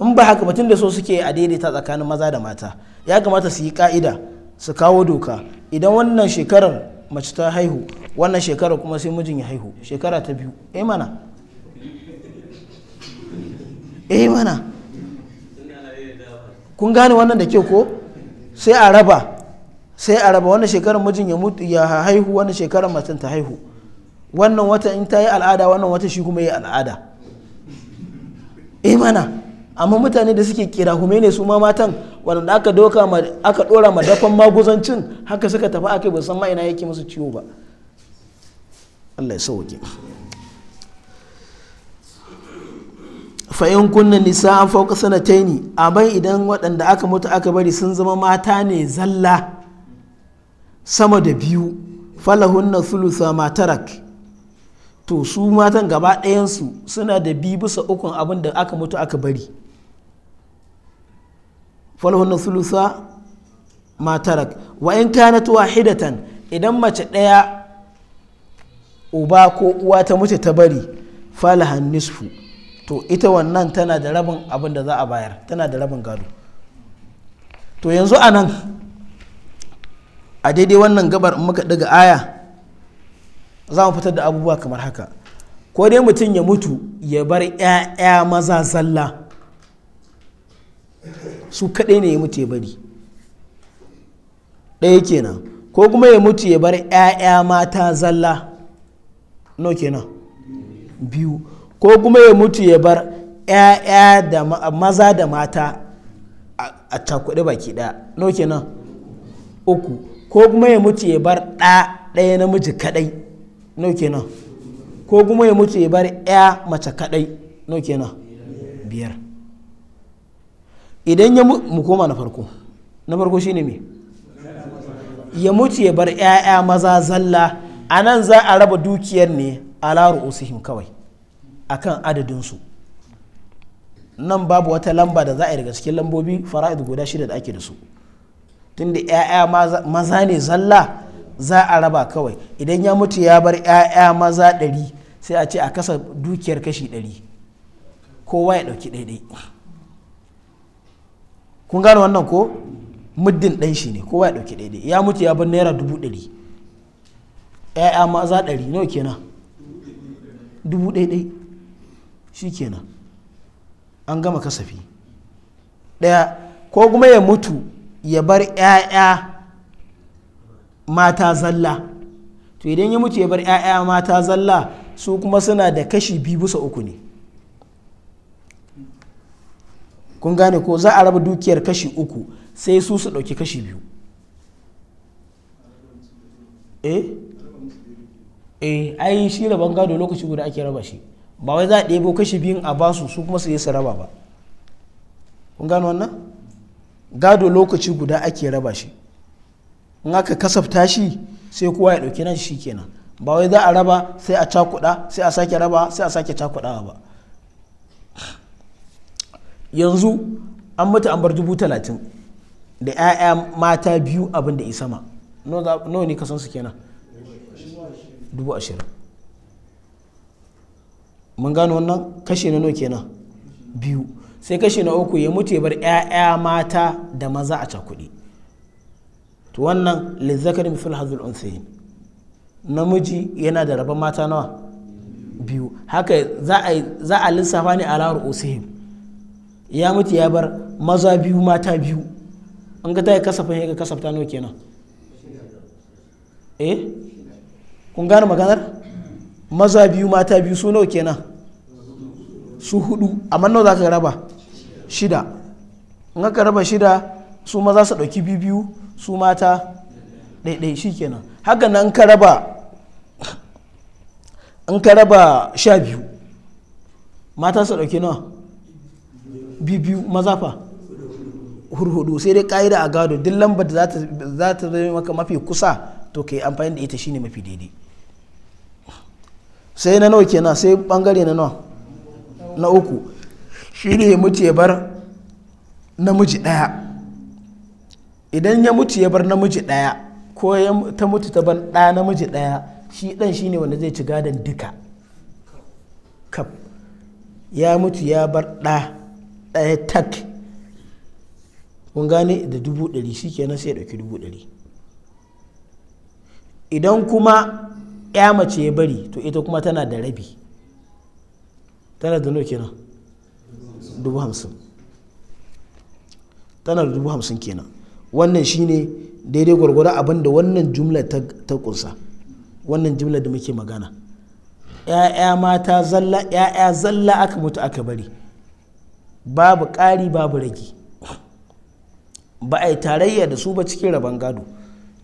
in ba haka batun da so suke a daidaita tsakanin maza da mata ya kamata su yi ka'ida su kawo doka idan wannan shekarar mace ta haihu wannan shekara kuma sai mijin ya haihu shekara ta biyu eh mana eh mana kun gane wannan da ke ko sai a raba sai a raba wannan shekarar mijin ya haihu wannan shekarar matan ta haihu wannan wata in ta yi al'ada wannan wata shi kuma yi al'ada eh mana amma mutane da suke kira hume ne su ma matan wadanda aka doka aka dora madafan maguzancin haka suka tafi aka ba san ma ina yake musu ciwo ba Allah ya sauke fa'in kunna nisa an fauka sanataini abai idan waɗanda aka mutu aka bari sun zama mata ne zalla sama da biyu falahunna thulutha matarak to su matan gaba ɗayansu suna da biyu bisa ukun abin da aka mutu aka bari falahunna thulutha matarak wa in kanat wahidatan idan mace ɗaya uba ko uwa ta mutu ta bari falahan nisfu to ita wannan tana da rabin abin da za a bayar tana da rabin gado to yanzu a nan a daidai wannan gabar in muka daga aya za mu fitar da abubuwa kamar haka ko dai mutum ya mutu ya bar 'ya'ya maza zalla su kaɗai ne ya mutu ya bari ɗaya kenan ko kuma ya mutu ya bar 'ya'ya mata zalla no kenan biyu ko kuma ya mutu ya bar ya da maza da mata a cakuɗe baki ɗaya no kenan uku ko kuma ya mutu ya bar ɗa ɗaya namiji kaɗai no kenan ko kuma ya mutu ya bar 'ya mace kaɗai no kenan biyar idan ya mu koma na farko na farko shine me ya mutu ya bar ya maza zalla a nan za a raba dukiyar ne ala ru'usihim kawai a kan adadinsu nan babu wata lamba da za a yi daga cikin lambobi fara'id guda shida da ake da su tunda 'ya'ya maza ne zalla za a raba kawai idan ya mutu ya bar 'ya'ya maza ɗari sai a ce a kasa dukiyar kashi ɗari kowa ya ɗauki ɗaiɗai kun gane wannan ko muddin ɗan shi ne kowa ya ɗauki ɗaiɗai ya mutu ya bar naira dubu ɗari 'ya'ya maza ɗari nawa kenan dubu ɗaiɗai shi kenan an gama kasafi ɗaya ko kuma ya mutu ya bar 'ya'ya mata zalla to idan ya mutu ya bar 'ya'ya mata zalla su kuma suna da kashi biyu bisa uku ne kun gane ko za a raba dukiyar kashi uku sai su su ɗauki kashi biyu eh eh ai shi raban gado lokaci guda ake raba shi ba wai za a ɗebo kashi biyun a basu su kuma su yi su raba ba kun gano wannan gado lokaci guda ake raba shi in aka kasafta shi sai kowa ya ɗauki nan shi kenan ba wai za a raba sai a cakuɗa sai a sake raba sai a sake cakuɗawa ba yanzu an mutu an bar dubu talatin da 'ya'ya mata biyu abin da isama nawa ne kasan su kenan dubu mun gano wannan kashe na nawa kenan biyu sai kashe na uku ya mutu ya bar 'ya'ya mata da maza a cakudi to wannan lizzakar misal hazul unsayin namiji yana da rabon mata nawa biyu haka za a lissafa ne a lawar usihim ya mutu ya bar maza biyu mata biyu an ga ta yi kasafin ya ga kasafta nawa kenan eh kun gane maganar maza biyu mata biyu su nawa kenan su hudu amma nawa za ka raba shida in ka raba shida su maza su ɗauki biyu biyu su mata ɗaiɗai shi kenan haka nan ka raba in ka raba sha biyu mata su ɗauki nawa biyu maza fa hurhudu sai dai ka'ida a gado duk lambar da za ta zama maka mafi kusa to ka yi amfani da ita shine mafi daidai sai na nawa kenan sai bangare na nawa na uku shi ne ya mutu ya bar namiji ɗaya idan ya mutu ya bar namiji ɗaya ko ta mutu ta bar ɗa namiji ɗaya shi ɗan shi ne wanda zai ci gadon duka kaf ya mutu ya bar ɗa ɗaya tak kun gane da dubu ɗari shi kenan sai ya ɗauki dubu ɗari idan kuma ya mace ya bari to ita kuma tana da rabi tana da nawa kenan dubu hamsin tana da dubu hamsin kenan wannan shine daidai gwargwado abin da wannan jumla ta kunsa wannan jumla da muke magana ‘ya'ya mata zalla ‘ya'ya zalla aka mutu aka bari babu ƙari babu ragi ba a yi tarayya da su ba cikin rabon gado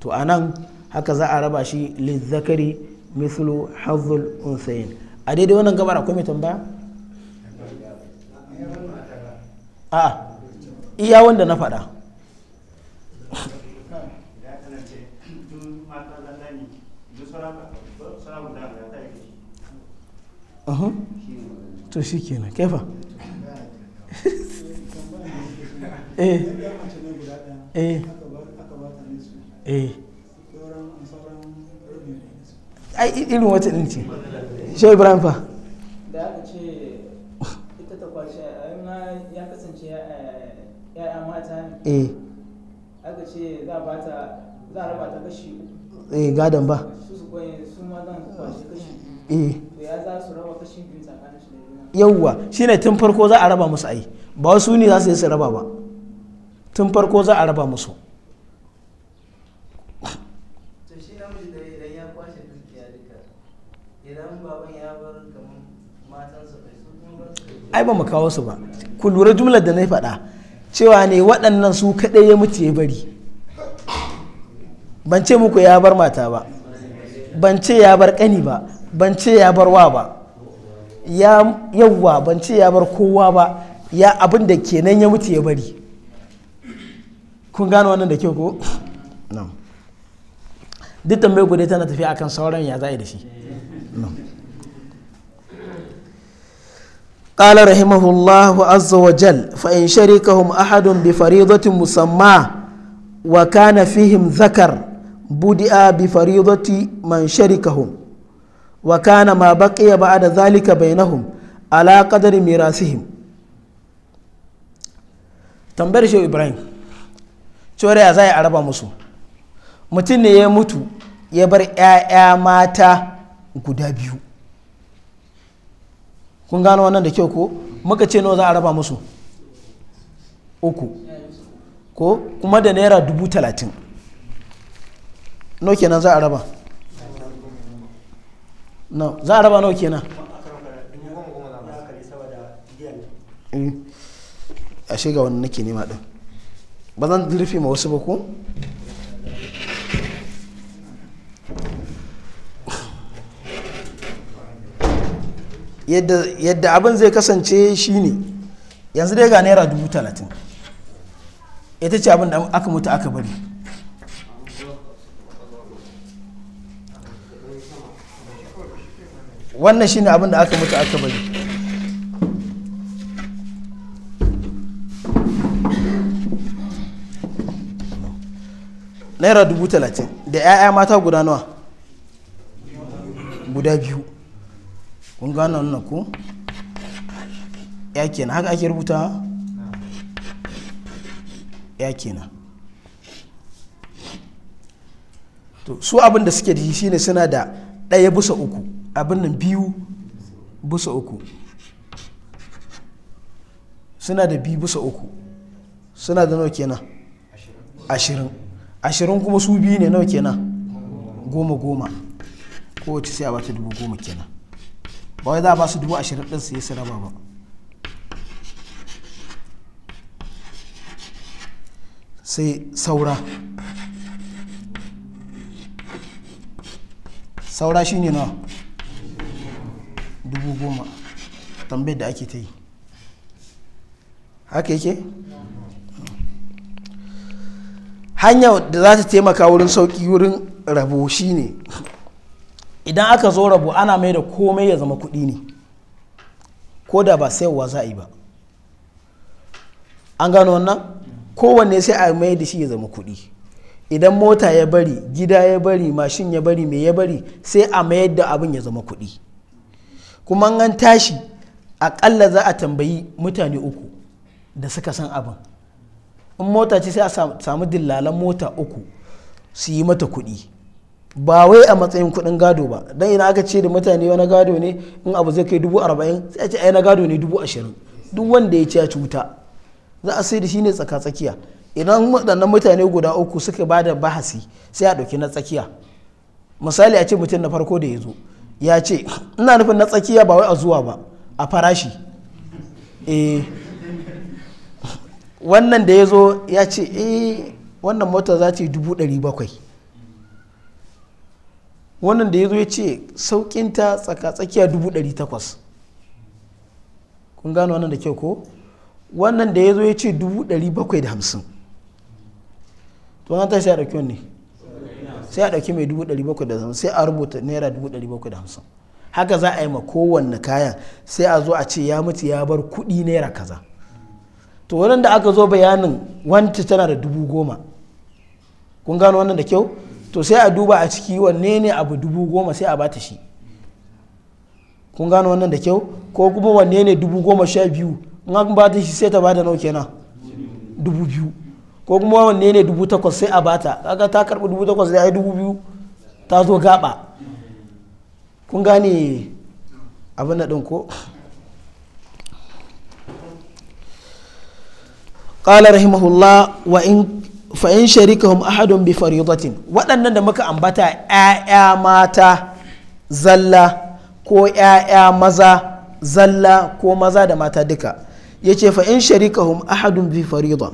to a nan haka za a raba shi lizzakari mislu hazzul unsayin a daidai wannan gabar akwai mai tambaya a iya wanda na faɗa uh-huh. to shi kenan kefa eh eh eh ai irin wata din ce shi ibrahim fa da aka ce ita ta kwashe ya kasance eh, ya'ya mata ne eh. aka ce za a bata za a raba ta kashi eh gadon ba su su kwaye su ma zan kwashe kashi eh to ya za su raba kashi biyu tsakanin shi da yawwa shine tun farko za a raba musu ai ba wasu ne za su yi su raba ba tun farko za a raba musu ai ba mu kawo su ba ku lura jumlar da na faɗa cewa ne waɗannan su kaɗai ya mutu ya bari ban ce muku ya bar mata ba ban ce ya bar ƙani ba ban ce ya bar wa ba ya yawwa ban ce ya bar kowa ba ya abin da kenan ya mutu ya bari kun gano wannan da kyau ko duk tambayar guda tana tafiya akan sauran ya yi da shi ƙala rahimahullah wa azza wa jal fa’in shari’a kuma ahadun bi farizotin musamman wa ka fihim zakar budi a bi farizoti man shari’a kuma wa ka ma baƙi ya ba’a da zalika bai na hun alaƙadar mirasihim tambar shi ibrahim cewar ya zai musu mutum ne ya mutu ya bar ‘ya’ya mata guda biyu kun gano wannan da kyau ko muka ce nawa za a raba musu uku ko kuma da naira dubu talatin nawa kenan za a raba no za a raba nawa kenan eh. a shiga wani nake nema din ba zan rufe ma wasu ba ko yadda abin zai kasance shine yanzu dai ga naira dubu talatin ita ce abin da aka mutu aka bari wannan shine abin da aka mutu aka bari naira dubu talatin da 'ya'ya mata guda nawa guda biyu kun gane wannan ku ya kenan haka ake rubuta ya kenan to su abin da suke da shi shine suna da ɗaya bisa uku abin nan biyu bisa uku suna da biyu bisa uku suna da nawa kenan ashirin ashirin kuma su biyu ne nawa kenan goma goma kowace sai a bata dubu goma kenan ba wai za a ba su dubu ashirin ɗin su yi su raba ba sai saura saura shine na dubu goma tambayar da ake ta yi haka yake hanya da za ta taimaka wurin sauki wurin rabo shine idan aka zo rabu ana mai da komai ya zama kuɗi ne ko da ba sai za a yi ba an gano wannan kowanne sai a mai da shi ya zama kuɗi idan mota ya bari gida ya bari mashin ya bari mai ya bari sai a mayar da abin ya zama kuɗi kuma an tashi aƙalla za a tambayi mutane uku da suka san abin in mota ce sai a samu dillalan mota uku su yi mata kuɗi ba wai a matsayin kuɗin gado ba dan ina aka ce da mutane wani gado ne in abu zai kai dubu arba'in sai a ce ai na gado ne dubu ashirin duk wanda ya ci ya cuta za a sai da shi ne tsaka-tsakiya idan waɗannan mutane guda uku suka ba da bahasi sai a ɗauki na tsakiya misali a ce mutum na farko da ya zo ya ce ina nufin na tsakiya ba wai a zuwa ba a farashi eh wannan da ya zo ya ce eh wannan mota za ta yi dubu ɗari bakwai wannan da ya zo ya ce saukinta tsaka-tsakiya dubu ɗari takwas kun gano wannan da kyau ko wannan da ya zo ya ce dubu ɗari bakwai da hamsin to an ta sai a ɗauki wanne sai a ɗauki mai dubu ɗari bakwai da hamsin sai a rubuta naira dubu ɗari bakwai da hamsin haka za a yi ma kowanne kayan sai a zo a ce ya mutu ya bar kuɗi naira kaza to wannan da aka zo bayanin wanta tana da dubu goma kun gano wannan da kyau to sai a duba a ciki wanne ne abu dubu goma sai a bata shi kun gano wannan da kyau ko kuma wanne ne dubu goma sha biyu in an bata shi sai ta bada nawa kenan dubu biyu ko kuma wanne ne dubu takwas sai a bata kaga ta karbi dubu takwas a ai dubu biyu ta zo gaba kun gane abin na ɗin ko قال رحمه الله وإن Fa'in in sharikahum ahadun bi faridatin waɗannan da muka ambata ‘ya'ya mata zalla ko ‘ya'ya maza zalla ko maza da mata duka ya ce shari'a sharikahum ahadun bi farida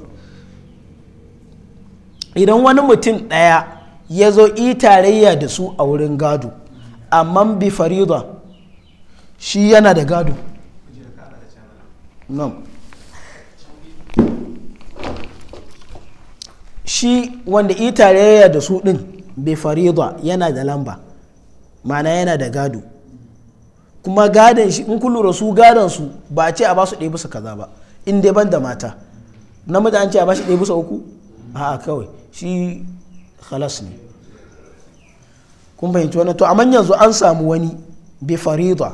idan wani mutum ɗaya ya zo yi tarayya da su a wurin gado amma bi farida shi yana da gado shi wanda yi tarayya da su din bai farida yana da lamba ma'ana yana da gado kuma gadon shi in kun su gadon su ba a ce a ba su ɗaya bisa kaza ba in dai ban da mata namiji an ce a ba shi ɗaya bisa uku a'a kawai shi halas ne kun fahimci wani to amma yanzu an samu wani bai farida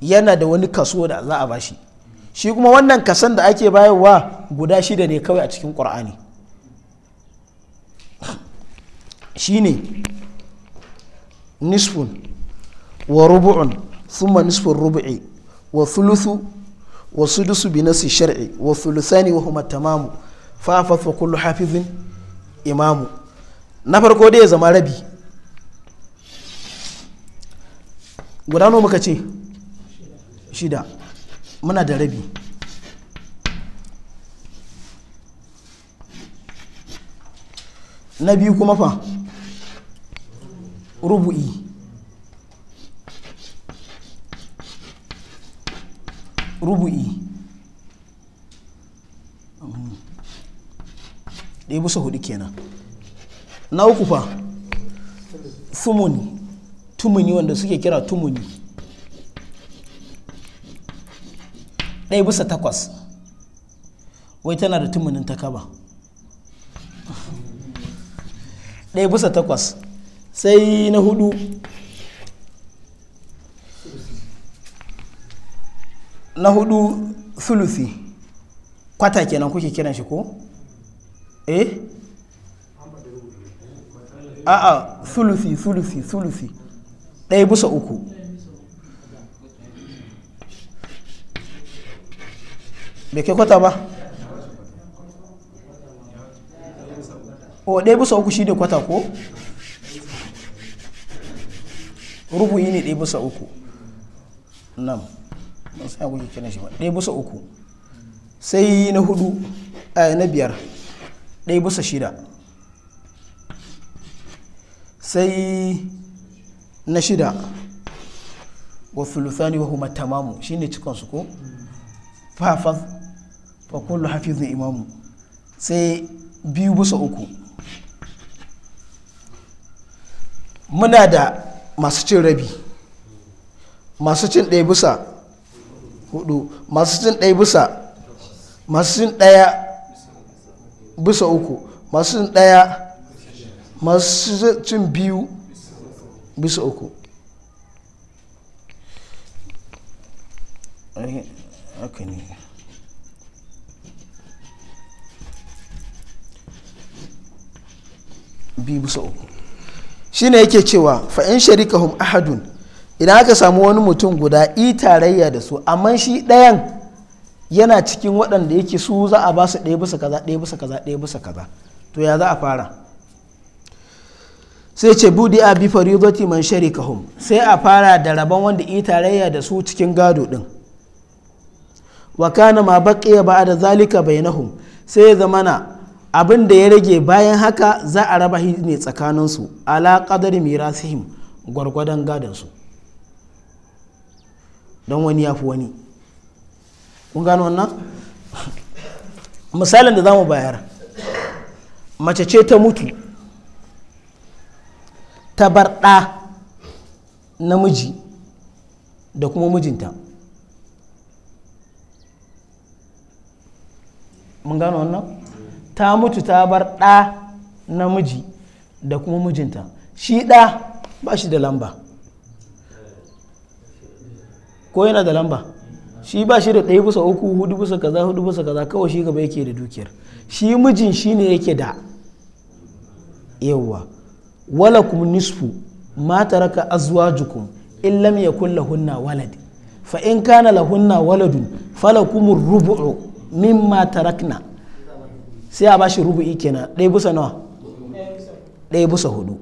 yana da wani kaso da za a ba shi shi kuma wannan kasan da ake bayarwa guda shida ne kawai a cikin qur'ani shine nisfun wa rubu'un thumma nisfun rubu'i wa thuluthu wa sudusu bi nasi shar'i wa thuluthani wa huma tamamu fa fa kullu hafizin imamu na farko dai ya zama rabi guda nawa muka ce shida muna da rabi na biyu kuma fa rubu'i rubu'i ɗaya bisa hudu kenan na uku fa tumuni wanda suke kira tumuni ɗaya bisa takwas wai tana da tumunin takaba ɗaya bisa takwas sai na hudu na hudu sulusi kwata kenan kuke kiran shi ko eh a'a sulusi sulusi sulusi ɗaya busa uku bai kai kwata ba o ɗaya busa uku shi ne kwata ko rubu'i ne ɗaya bisa uku nan ban sai kuke kiran shi ba ɗaya bisa uku sai na hudu a na biyar ɗaya bisa shida sai na shida wa thuluthani wa huma tamamu shine cikon su ko fafaz fa kullu hafizun imamu sai biyu bisa uku muna da masu cin rabi masu cin ɗaya bisa hudu masu cin ɗaya bisa masu cin ɗaya bisa uku masu cin ɗaya masu cin biyu bisa uku eh, haka ne biyu bisa uku shine yake cewa fa’in sharika sharikahum ahadun idan aka samu wani mutum guda i tarayya da su amma shi ɗayan yana cikin waɗanda yake su za a ba su ɗaya bisa kaza ɗaya bisa kaza ɗaya bisa kaza to ya za a fara sai ce budi a bi faridoti man sharikahum sai a fara da rabon wanda i tarayya da su cikin gado ɗin wa kana ma ba da zalika bai na bainahum sai ya zamana abin da ya rage bayan haka za a raba shi ne tsakaninsu ala qadari mirasihim gwargwadon su don wani ya fi wani kun gano wannan misalin da za mu bayar mace ce ta mutu ta bar ɗa namiji da kuma mijinta mun gano wannan ta mutu ta bar ɗa namiji da kuma mijinta shi ɗa ba shi da lamba ko yana da lamba shi ba shi da ɗaya bisa uku hudu bisa kaza hudu bisa kaza kawai shi gaba yake da dukiyar shi mijin shi ne yake da yawa wala kuma nisfu ma azuwa jukun in lamya kun lahunna walad fa in kana lahunna waladun kuma rubu'u mimma tarakna sai a bashi rubu'i kenan ɗaya bisa nawa ɗaya bisa hudu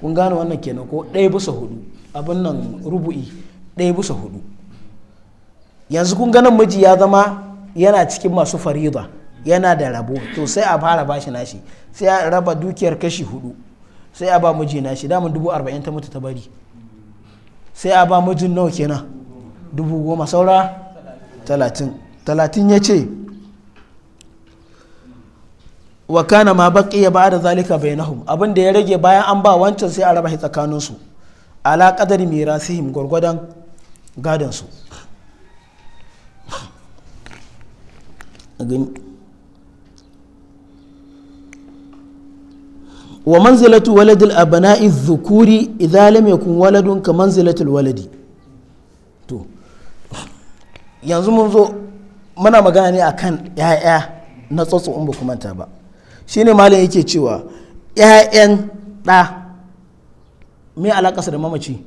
kun gane wannan kenan ko ɗaya bisa hudu abin nan rubu'i ɗaya bisa hudu yanzu kun ganin miji ya zama yana cikin masu farida yana da rabo to sai a fara bashi nashi sai a raba dukiyar kashi hudu sai a ba miji nashi damun dubu arba'in ta mutu ta bari sai a ba mijin nawa kenan dubu goma saura talatin talatin ya ce wa kana ma baqiya ba'da zalika bainahum abin da ya rage bayan an ba wancan sai a raba shi tsakanin su ala qadari mirasihim gurgurdan gadon su wa manzilatu waladil abana'i dhukuri idza lam yakun waladun ka manzilatul waladi to yanzu mun zo muna magana ne a kan ya'ya na tsotso in ba manta ba shine malam yake cewa ‘ya'yan ɗa mai alaƙasa da mamaci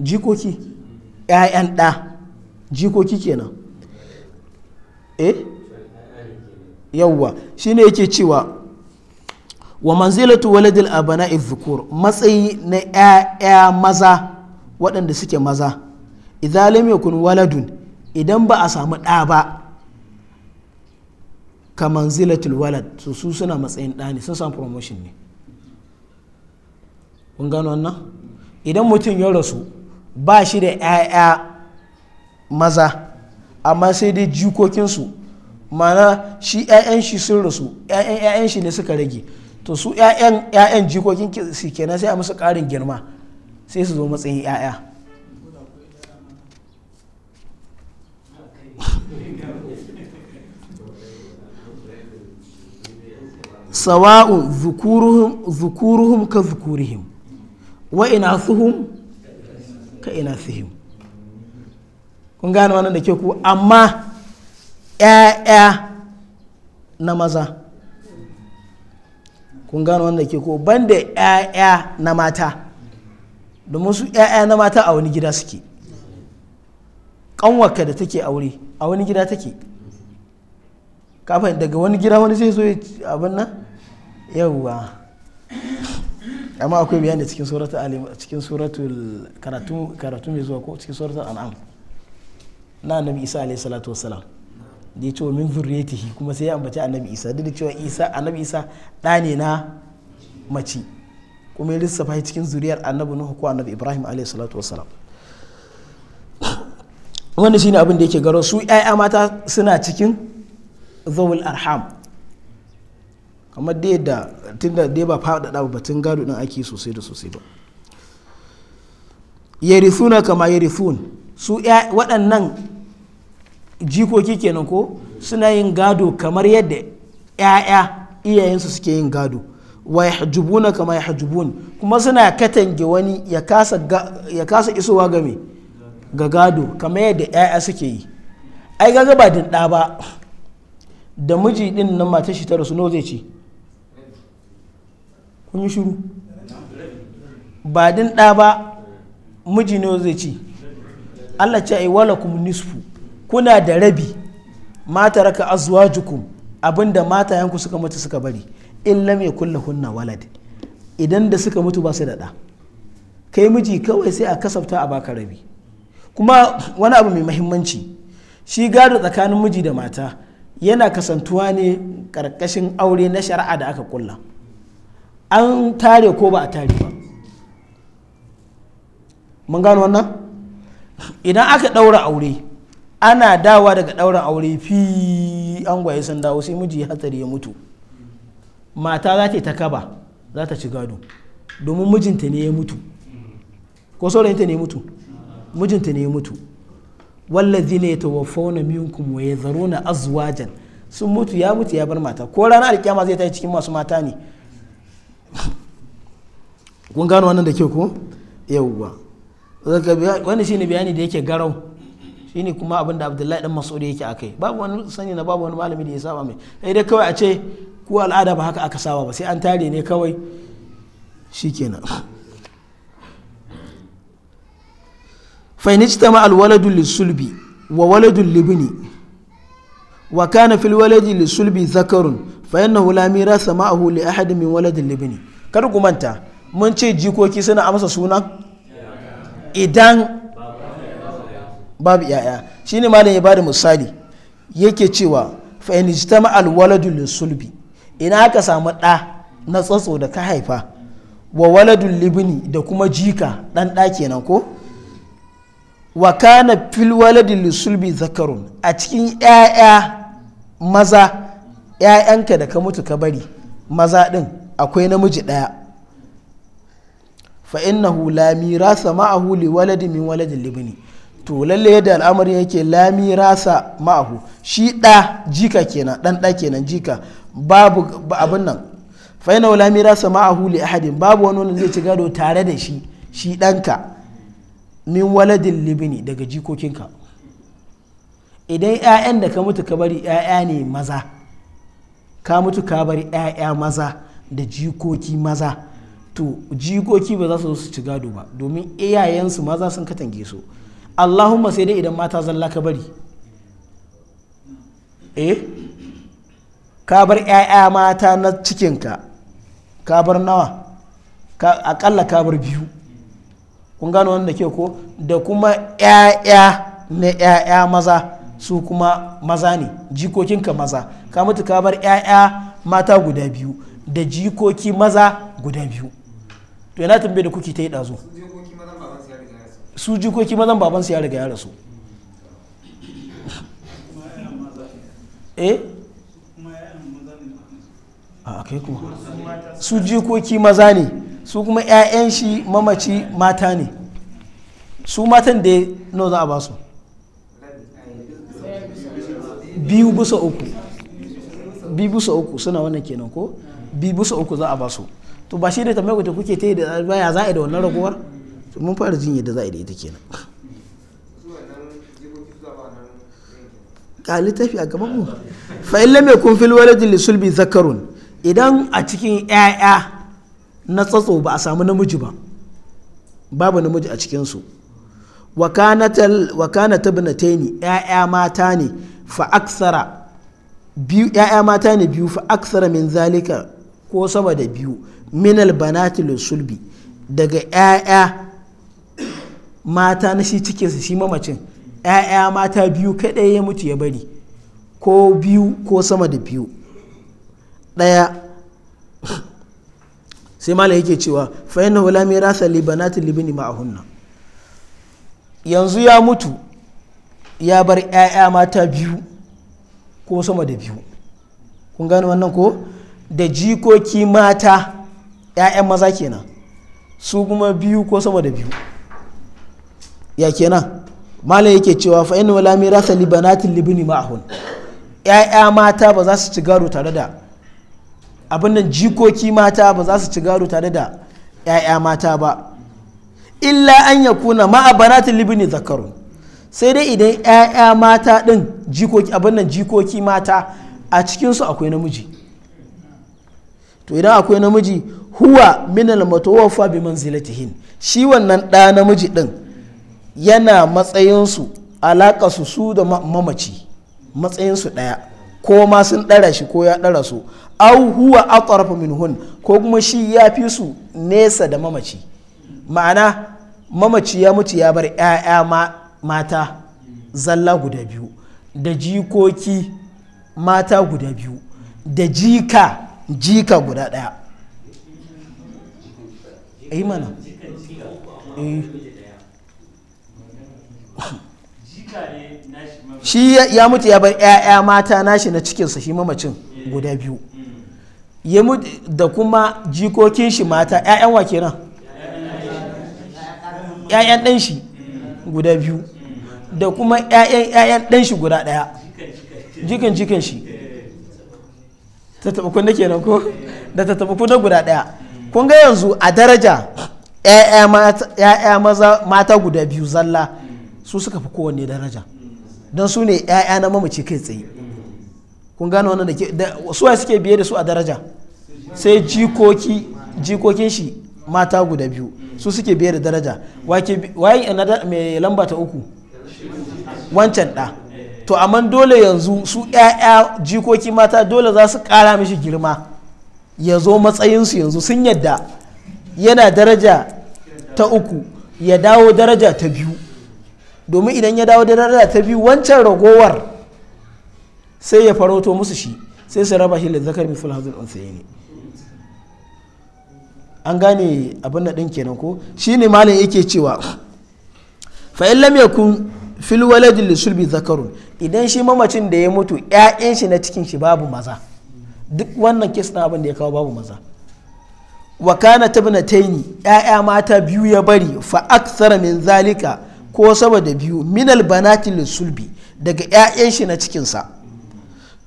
jikoki ‘ya'yan ɗa jikoki kenan eh yawwa shine yake cewa wa manzilatu waladil abana izukur matsayi na ‘ya'ya maza waɗanda suke maza idan lam yakun waladun idan ba a samu ɗa ba kaman zilatul walad su su suna matsayin ɗa ne sun samu promotion ne kun gano wannan idan mutum ya rasu ba shi da 'ya'ya maza amma sai dai jikokinsu mana shi 'ya'yan shi sun rasu 'ya'yan 'ya'yan shi ne suka rage to su 'ya'yan 'ya'yan jikokin su kenan sai a musu karin girma sai su zo matsayin 'ya'ya sawa'un zukuruhum ka zukurihim wa inasuhum ka inasihim kun gane wannan da ke ku amma ‘ya'ya na maza kun gane wannan da ke ku banda ‘ya'ya na mata domin su ‘ya'ya na mata a wani gida suke kanwarka da take aure a wani gida take kafin daga wani gida wani sai so abin nan yawwa amma akwai bayani cikin suratul alim cikin suratul karatu karatu mai zuwa ko cikin suratul an'am na annabi isa alayhi salatu wassalam da ya ce wa min zurriyatihi kuma sai ya ambaci annabi isa duk da cewa isa annabi isa da ne na mace kuma ya lissafa cikin zuriyar annabi nuhu ko annabi ibrahim alayhi salatu wassalam wannan shine abin da yake garo su ƴaƴa mata suna cikin zawul arham kamar dai da da dai ba faɗaɗa batun gado ɗin ake sosai da sosai ba yarisuna kama yarisun su waɗannan jikoki kenan ko suna yin gado kamar yadda 'ya'ya iyayensu suke yin gado wa yahjubuna kama yahjubun kuma suna katange wani ya kasa isowa game ga gado kamar yadda 'ya'ya suke yi ai gaga ba din ɗa ba da miji din nan matar shi ta rasu no zai ci kun yi shiru ba din ɗa ba miji ne zai ci Allah ce wala walakum nisfu kuna da rabi mata raka azwajukum abinda mata yanku suka mutu suka bari in lam kulle hunna walad idan da suka mutu ba su da ɗa kai miji kawai sai a kasafta a baka rabi kuma wani abu mai mahimmanci shi gado tsakanin miji da mata yana kasantuwa ne ƙarƙashin aure na shari'a da aka kulla an tare ko ba a tare ba mun gano wannan idan aka ɗaura aure ana dawa daga ɗaurin aure fi an gwaye sun dawo sai miji hatsari ya mutu mata za ta ta kaba za ta ci gado domin mijinta ne ya mutu ko saurayinta ne ya mutu mijinta ne ya mutu wallazina yatawaffawna minkum wa na azwajan sun mutu ya mutu ya bar mata ko rana alkiyama zai tashi cikin masu mata ne kun gano wannan da ke ku yawwa wani shine bayani da yake garau shine kuma abin da abdullahi dan mas'ud yake akai babu wani sani na babu wani malami da ya saba mai sai dai kawai a ce ku al'ada ba haka aka saba ba sai an tare ne kawai shikenan fa in ijtama al waladu wa waladu libni wa kana fil waladi zakarun fa innahu sama a ma'ahu ahadin min waladin libni kar ku manta mun ce jikoki suna amsa suna idan babu yaya shine malam ya bada misali yake cewa fa in ijtama al waladu ina aka samu ɗa na tsatso da ka haifa wa waladun libini da kuma jika ɗan ɗa kenan ko wa kana fil waladi lisulbi zakarun a cikin ‘ya'ya maza ‘ya'yanka da ka mutu ka bari maza ɗin akwai namiji ɗaya fa innahu la mirasa ma'ahu li waladi min waladin libni to lalle yadda al'amarin yake la mirasa ma'ahu shi ɗa jika kenan ɗan ɗa kenan jika babu abin nan fa innahu la mirasa ma'ahu li ahadin babu wani wanda zai ci gado tare da shi shi ɗanka min waladin libini daga jikokinka idan 'ya'yan da ka mutu ka bari 'ya'ya ne maza ka mutu ka bari 'ya'ya maza da jikoki maza to jikoki ba za su su ci gado ba domin iyayensu maza sun katange su allahumma sai dai idan mata zalla ka bari eh ka bar 'ya'ya mata na cikinka ka bar nawa aƙalla ka bar biyu kun gano wanda ke ko da kuma ‘ya'ya na ‘ya'ya maza su kuma maza ne jikokinka maza ka mutu ka bar ‘ya'ya mata guda biyu da jikoki maza guda biyu to yana tambaye da kuke ta yi dazo su jikoki mazan babansu ya riga ya rasu eh a kai kuma su jikoki maza ne su kuma 'ya'yan shi mamaci mata ne su matan da no za a ba su biyu bisa uku biyu bisa uku suna wannan kenan ko biyu bisa uku za a ba su to ba shi da ta da kuke ta yi da baya za a yi da wannan to mun fara jin yadda za a yi da ita kenan ka littafi a gaban mu fa illa mai kun fil waladi li sulbi zakarun idan a cikin 'ya'ya na tsatso ba a samu namiji ba babu namiji a cikinsu wakana tabnataini ‘ya'ya mata ne fa'aksara biyu ‘ya'ya mata ne biyu fa'aksara min zalika ko sama da biyu minal banatil sulbi daga ‘ya'ya mata na shi cikinsa shi mamacin ‘ya'ya mata biyu kaɗai ya mutu ya bari ko biyu ko sama da biyu ɗaya sai malam yake cewa fa innahu la mirasa li banati libni ma'ahunna yanzu ya mutu ya bar 'ya'ya mata biyu ko sama da biyu kun gane wannan ko da jikoki mata 'ya'yan maza kenan su kuma biyu ko sama da biyu ya kenan malam yake cewa fa innahu la mirasa li banati libni ma'ahun 'ya'ya mata ba za su ci gado tare da abin nan jikoki mata ba za su ci gado tare da 'ya'ya mata ba illa an ya kuna ma'abanatin libini zakaru sai dai idan 'ya'ya mata din jikoki abin nan jikoki mata a cikinsu akwai namiji to idan akwai namiji huwa minal matawaffa bi manzilatihin shi wannan ɗa namiji ɗin yana matsayinsu su su da mamaci matsayinsu ɗaya ko ma sun ɗara shi ko ya ɗara su au huwa atrafu minhun ko kuma shi ya fi su nesa da mamaci ma'ana mamaci ya mutu ya bar 'ya'ya mata zalla guda biyu da jikoki mata guda biyu da jika jika guda ɗaya ai eh mana eh. shi ya mutu ya bar 'ya'ya mata nashi na cikinsa shi mamacin guda biyu ya da kuma jikokin shi mata 'ya'yan wa kenan 'ya'yan ɗan shi guda biyu da kuma 'ya'yan 'ya'yan ɗan shi guda ɗaya jikan jikan shi ta taɓa kunne kenan ko da ta taɓa kunne guda ɗaya kun ga yanzu a daraja 'ya'ya mata guda biyu zalla su suka fi kowanne daraja don su ne 'ya'ya na mamaci kai tsaye kun gane wannan da ke suwa suke biye da su a daraja sai jikoki jikokin shi mata guda biyu su suke biye da daraja waye mai lamba ta uku wancan da to amma dole yanzu su ‘ya'ya jikoki mata dole za su kara mishi girma ya zo matsayin su yanzu sun yadda yana daraja ta uku ya dawo daraja ta biyu domin idan ya dawo daraja ta biyu wancan ragowar sai ya faroto musu shi sai su raba shi da zakar mithul hadhul ne an gane abin da din kenan ko shine malam yake cewa fa'in in lam yakun fil waladin lisulbi zakarun idan shi mamacin da ya mutu ƴaƴan shi na cikin shi babu maza duk wannan kes na abin da ya kawo babu maza wa kana tabnataini ƴaƴa mata biyu ya bari fa aksara min zalika ko saboda biyu minal banati sulbi daga yayan shi na cikinsa.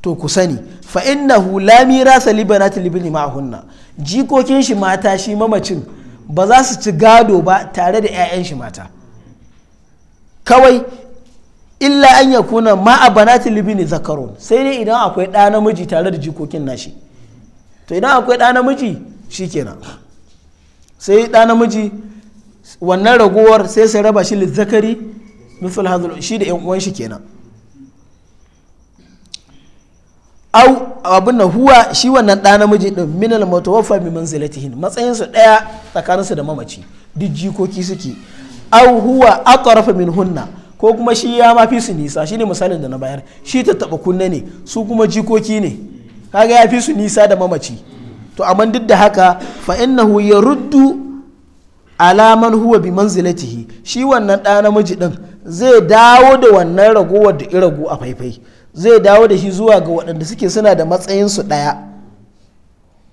to ku sani fa innahu la mirasa li banati libni ma'ahunna jikokin shi mata shi mamacin ba za su ci gado ba tare da 'ya'yan shi mata kawai illa an ya kuna ma'a banati libni zakarun sai ne idan akwai ɗa namiji tare da jikokin nashi to idan akwai ɗa namiji shi kenan sai ɗa namiji wannan ragowar sai sai raba shi lizzakari mithul hadhul shi da 'yan uwan shi kenan au abin na huwa shi wannan ɗa namiji ɗin minal mutawaffa bi manzilatihin matsayinsu ɗaya tsakaninsu da mamaci duk jikoki suke au huwa aqrafa min hunna ko kuma shi ya ma fi su nisa shine misalin da na bayar shi ta taba kunne ne su kuma jikoki ne kaga ya fi su nisa da mamaci to amma duk da haka fa innahu yaruddu ruddu alaman huwa bi manzilatihi shi wannan ɗa namiji ɗin zai dawo da wannan ragowar da iragu a faifai zai dawo da shi zuwa ga waɗanda suke suna da matsayinsu ɗaya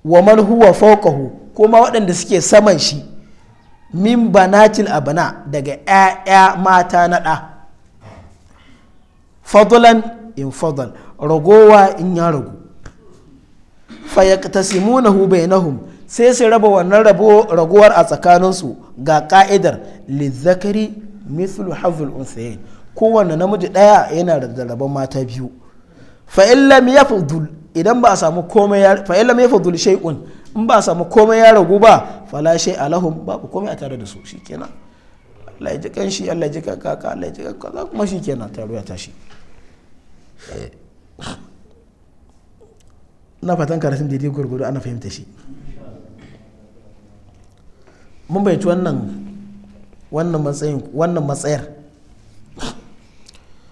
wa man huwa fawqahu kuma waɗanda suke saman shi min banatil abana daga ‘ya'ya mata na ɗa fadlan in fadlan ragowa in ya ragu yaqtasimunahu bainahum sai su raba wannan ragowar a tsakaninsu ga ka'idar lizzakari mithlu hazul unsayin kowanne namiji ɗaya yana da rabon mata biyu fa'in lam idan ba a samu komai ya fa'in lam yafdul shay'un in ba a samu komai ya ragu ba fala shay alahum babu komai a tare da su shikenan Allah ya ji kanshi Allah ya ji kaka Allah ya ji kaza kuma shikenan taro ya tashi eh, na fatan karatun da daidai gurgudu ana fahimta shi mun bai wannan wannan matsayin wannan matsayar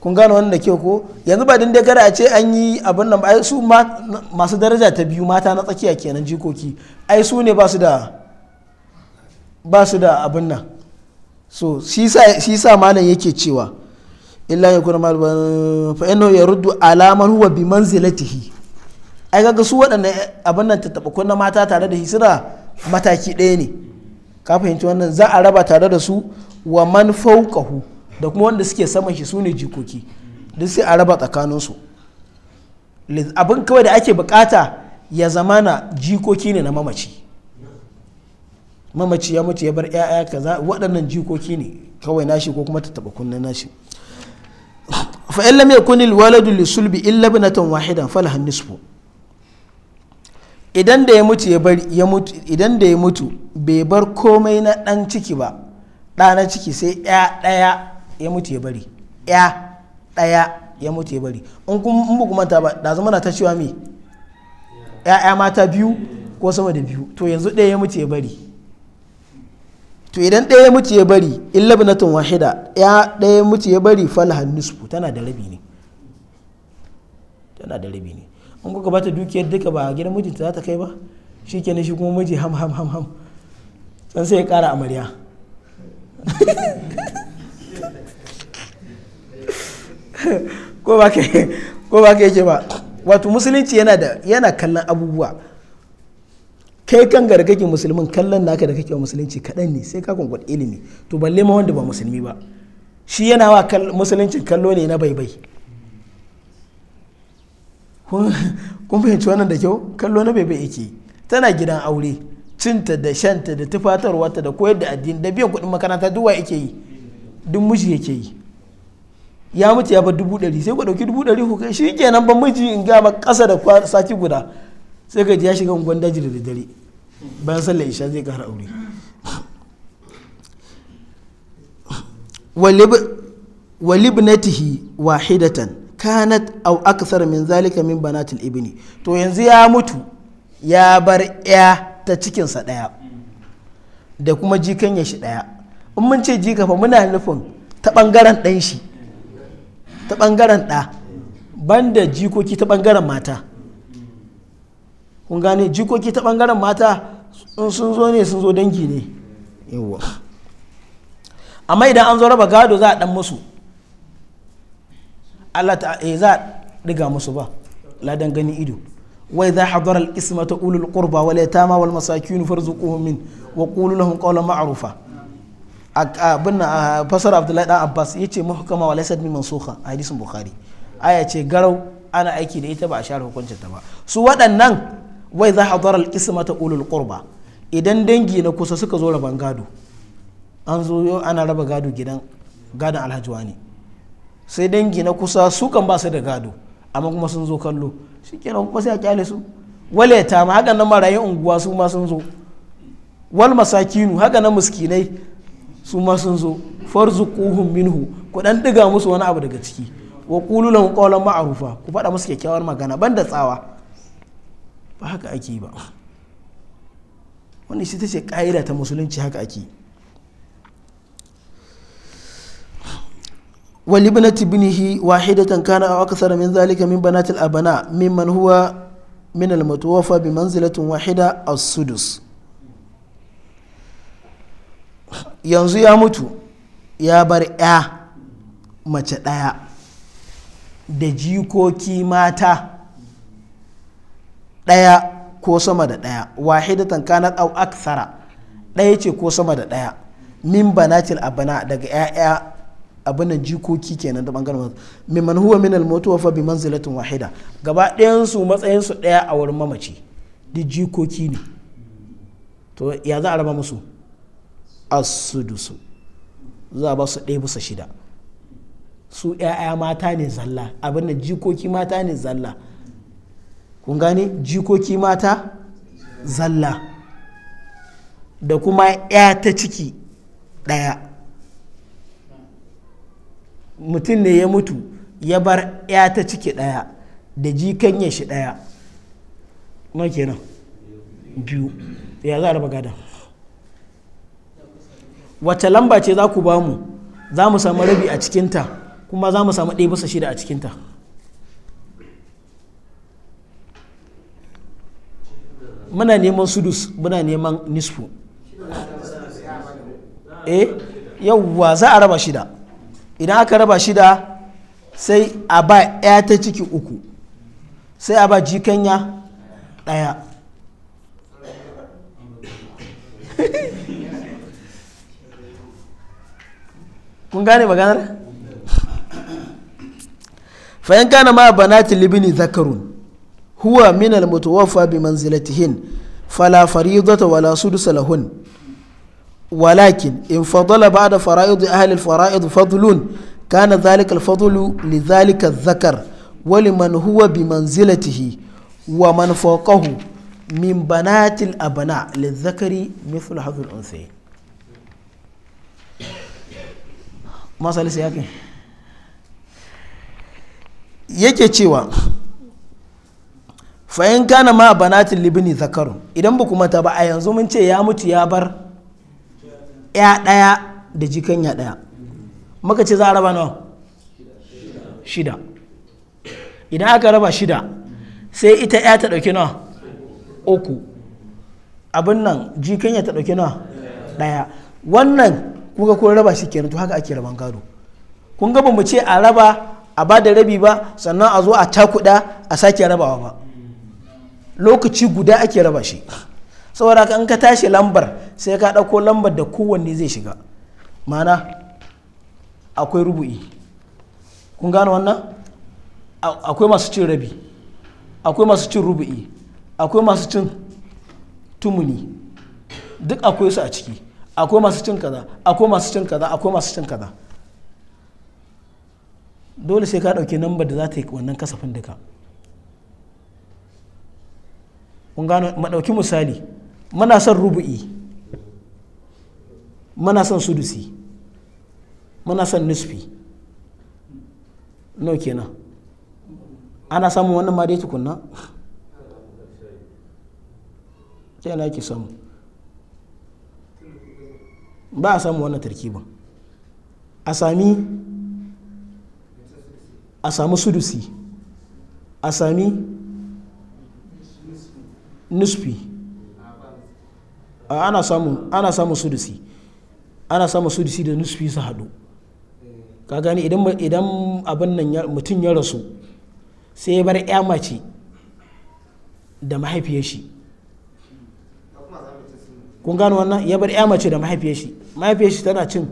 kun gano wannan da ke ko yanzu ba din dai kada a ce an yi abin nan ai su masu daraja ta biyu mata na tsakiya kenan jikoki ai su ne ba su da da abin nan so shi sa malam yake cewa illa ya kuna malban fa ino ya ruddu alaman huwa bi manzilatihi ai kaga su waɗannan eh, abin nan ta tattaɓa na mata tare da hisira mataki ɗaya ne ka fahimci wannan za a raba tare da su wa man fawqahu da kuma wanda suke saman shi sune jikoki duk sai a raba tsakaninsu abin kawai da ake bukata ya zamana jikoki ne na mamaci mamaci ya mutu ya bar 'ya'ya kaza waɗannan jikoki ne kawai nashi ko kuma ta taba kunnen nashi fa in lam yakun al waladu li sulbi illa ibnatan wahidan falaha nisfu idan da ya mutu ya bar ya mutu idan da ya mutu bai bar komai na dan ciki ba ɗa na ciki sai ya ɗaya ya mutu ya bari ya ɗaya ya mutu ya bari in kuma kuma manta ba da zama na ta cewa me ya mata biyu ko sama da biyu to yanzu ɗaya ya mutu ya bari to idan ɗaya ya mutu ya bari illa binatun wahida ya ɗaya ya mutu ya bari falahan nusfu tana da rabi ne tana da rabi ne in kuka bata dukiyar duka ba a gidan mijinta za ta kai ba shi kenan shi kuma miji ham ham ham ham sai ya kara amarya ko ba ka ko ba wato musulunci yana da yana kallon abubuwa kai kan ga kake musulmin kallon naka da kake musulunci kaɗan ne sai ka kwankwaɗe ilimi to balle ma wanda ba musulmi ba shi yana wa musulunci kallo ne na baibai kun fahimci wannan da kyau kallo na baibai yake tana gidan aure cinta da shanta da ta da koyar da addini da biyan kuɗin makaranta duk wa yake yi duk miji yake yi ya mutu ya bar dubu ɗari sai ku ɗauki dubu ɗari ku kai shi kenan ban miji in ga ma ƙasa da sati guda sai ka ji ya shiga unguwan daji da daddare bayan sallar isha zai ƙara aure walibnatihi wahidatan kanat au aksar min zalika min banatil ibni to yanzu ya mutu ya bar ya ta cikinsa ɗaya da kuma jikan ya shi ɗaya in mun ce jika fa muna nufin ta ɓangaren ɗan shi ta ɓangaren ɗa banda jikoki ta ɓangaren mata kun gane jikoki ta ɓangaren mata sun zo ne sun zo dangi ne yawwa amma idan an zo raba gado za a ɗan musu Allah ta eh, za a ɗiga musu ba ladan gani ido wai za a hadar al-ismata ulul qurba wal yatama wal masakin farzuquhum min wa qulu lahum qawlan ma'rufa abin fasar abdullahi dan abbas ya ce mahukama wa laysat min mansukha a hadisin bukhari aya ce garau ana aiki da ita ba a share hukuncin ta ba su waɗannan wai za hadara al ta ulul qurba idan dangi na kusa suka zo raban gado an zo yau ana raba gado gidan gadon alhaji wani sai dangi na kusa su kan ba su da gado amma kuma sun zo kallo shi shikenan kuma sai a kyale su wale ta ma haka nan marayun unguwa su ma sun zo wal masakinu haka na miskinai su ma sun zo farzu kuhun minhu ku dan diga musu wani abu daga ciki wa kululan kolon ku faɗa musu kyakkyawar magana ban da tsawa ba haka ake ba wani shi ta ce ƙa'ida ta musulunci haka ake wali binati binihi wahidatan kana a waka min zalika min banatil abana min man huwa min almatuwafa bi manzilatin wahida as sudus yanzu ya mutu ya bar ya mace ɗaya da jikoki mata ɗaya ko sama da ɗaya wahidatan kana au aksara ɗaya ce ko sama da ɗaya min banatil abana daga 'ya'ya abin jikoki kenan da bangaren man huwa min almutuwa fa bi manzilatin wahida gaba ɗayan matsayinsu ɗaya a wurin mamaci duk jikoki ne to ya za a raba musu as-sudusu za ba su ɗaya bisa shida su ‘ya'ya mata ne zalla abin da jikoki mata ne zalla kun gane jikoki mata zalla da kuma ‘ya ta ciki ɗaya mutum ne ya mutu ya bar ‘ya ta ciki ɗaya da jikan shi ɗaya ma kenan biyu ya za a raba wacce lamba ce za ku ba za mu samu rabi a cikinta kuma za mu samu ɗaya shida a cikinta muna neman sudus muna neman nisfu eh yauwa za a raba shida idan aka raba shida sai a ba 'ya ta ciki uku sai a ba jikanya ɗaya mun gane maganar fayin kana ma banati libini zakarun huwa min almutawaffa bi manzilatihin fala faridata wala sudus lahun walakin in fadala ba'da fara'id ahli alfara'id fadlun kana dhalika alfadlu li dhalika zakar wa liman huwa bi manzilatihi wa man fawqahu min banati alabna lizakari mithlu hadhihi alunsayn yake cewa fa'in kana ma banatin libini zakaru idan ba kuma ta ba a yanzu mun ce ya mutu ya bar ya ɗaya da jikan ya ɗaya maka ce za a raba nawa shida idan aka raba shida sai ita ya ta ɗauki nawa uku abin nan jikan ya ta ɗauki nawa ɗaya wannan kun ga kun raba shi kenan to haka ake raban gado kun ga mu ce a raba a ba da rabi ba sannan a zo a takuda a sake rabawa ba lokaci guda ake raba shi saboda ka ka tashi lambar sai ka ɗauko lambar da kowanne zai shiga mana akwai rubu'i kun gano wannan akwai masu cin rabi akwai masu cin rubu'i akwai masu cin tumuni duk akwai su a ciki akwai masu cin kaza akwai masu cin kaza akwai masu cin kaza dole sai ka ɗauki nambar da za ta yi wannan kasafin duka kun gano maɗauki misali muna son rubu'i muna son sudusi muna son nisfi nau kenan ana samun wannan ma dai tukunna sai na ke samu ba a samu wannan tarkibin a sami a sami sudusi a sami nusfi ana samun ana samun sudusi ana samun sudusi da nusfi su haɗu ka gani idan abin nan mutum ya rasu sai ya bar ya mace da mahaifiyar shi kun gano wannan ya bar ya mace da mahaifiyar shi mahaifiyar shi tana cin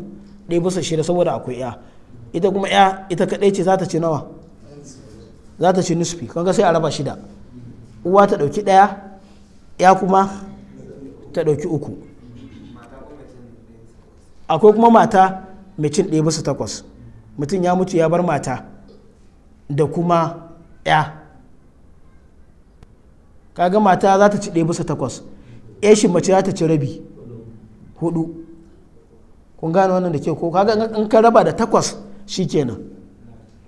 ɗaya bisa shida saboda akwai ya ita kuma ya ita kaɗai ce za ta ci nawa za ta ci nusfi ga sai a raba shida uwa ta ɗauki ɗaya ya kuma ta ɗauki uku akwai kuma mata mai cin ɗaya bisa takwas mutum ya mutu ya bar mata da kuma ya kaga mata za ta ci ɗaya bisa takwas yashi eh, mace za ta ci rabi hudu kun gane wannan da ke ko kaga in ka raba da takwas shi kenan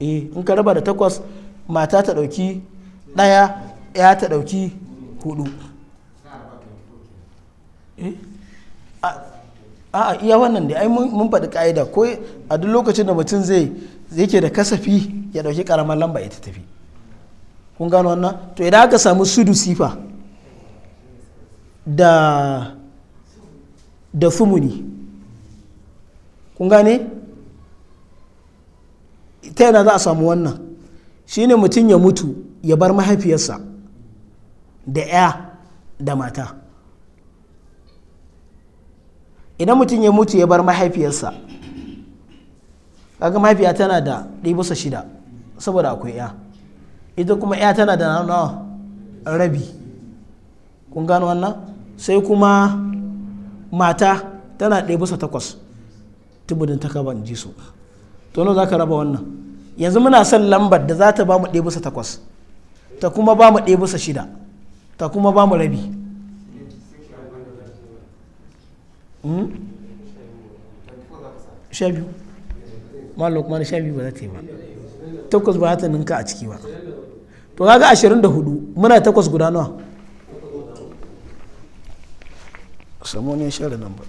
eh in ka raba da takwas mata ta dauki daya ya ta dauki hudu eh? a iya wannan da ai mun faɗi ka'ida ko a duk lokacin da mutum zai yake da kasafi ya dauki karamar lamba ya ta tafi kun gano wannan to idan aka samu sudu sifa da da sumuni kun gane ta yana za a samu wannan Shi ne mutum ya mutu ya bar mahaifiyarsa da 'ya da mata idan mutum ya mutu ya bar mahaifiyarsa kaga mahaifiya tana da ɗibusa shida saboda akwai 'ya ita kuma 'ya tana da nawa rabi kun gano wannan sai kuma mata tana ɗaya bisa takwas tubudin takaban kaban ji su to za ka raba wannan yanzu muna son lambar da za ta ba mu ɗaya bisa takwas ta kuma ba mu ɗaya bisa shida ta kuma ba mu rabi hmm? sha biyu malok mana sha biyu ba za ta yi ba takwas ba ta ninka a ciki ba to kaga ashirin da hudu muna takwas guda nawa samu ne share nan ba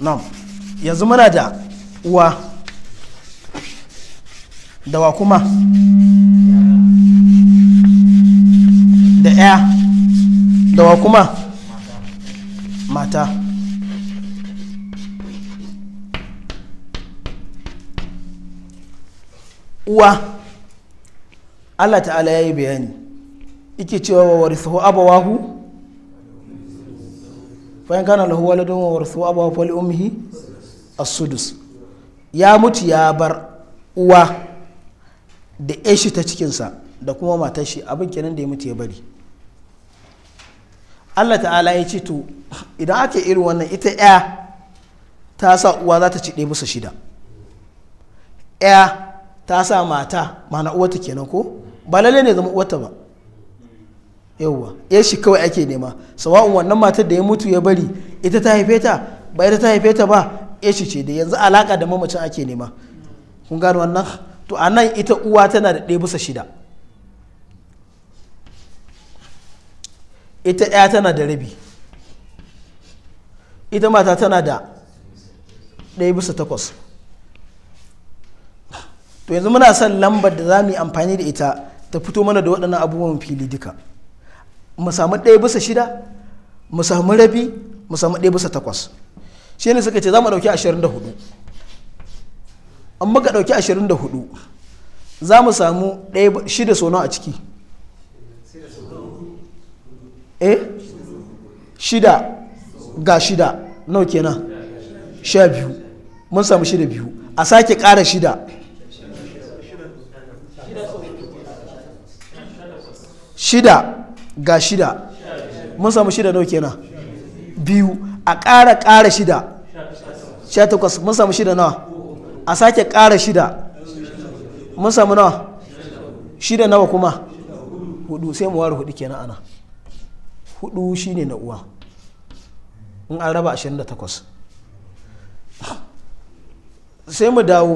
nan yanzu muna da uwa da wa kuma da 'ya da wa kuma mata uwa Allah ta'ala ya yi bayani ike cewa wa warisahu abawahu bayan kana lahu waladun wa abawahu fali as-sudus ya mutu ya bar uwa da yashi ta cikinsa da kuma matar shi abin kenan da ya mutu ya bari Allah ta'ala ya ce to idan aka irin wannan ita ya ta sa uwa za ta ci ɗaya shida ya ta sa mata mana uwata kenan ko ba lalle ne zama uwata ba yauwa ya shi kawai ake nema sawa'un wannan matar da ya mutu ya bari ita ta haife ta ba ita ta haife ta ba ya shi ce da yanzu alaka da mamacin ake nema kun gano wannan to a nan ita uwa tana da ɗaya bisa shida ita ɗaya tana da rabi ita mata tana da ɗaya bisa takwas to yanzu muna son lambar da za mu yi amfani da ita ta fito mana da waɗannan abubuwan fili duka mu samu ɗaya bisa shida mu samu rabi mu samu ɗaya bisa takwas shi ne suka ce za mu ɗauki ashirin da hudu an muka ɗauki ashirin da hudu za mu samu ɗaya shida sau a ciki eh shida ga shida nau kenan sha biyu mun samu shida biyu a sake ƙara shida shida ga shida mun samu shida nawa kenan biyu a ƙara ƙara shida sha takwas mun samu shida nawa a sake ƙara shida mun samu nawa shida nawa kuma hudu sai mu ware hudu kenan ana hudu shine na uwa in an raba 28 sai mu dawo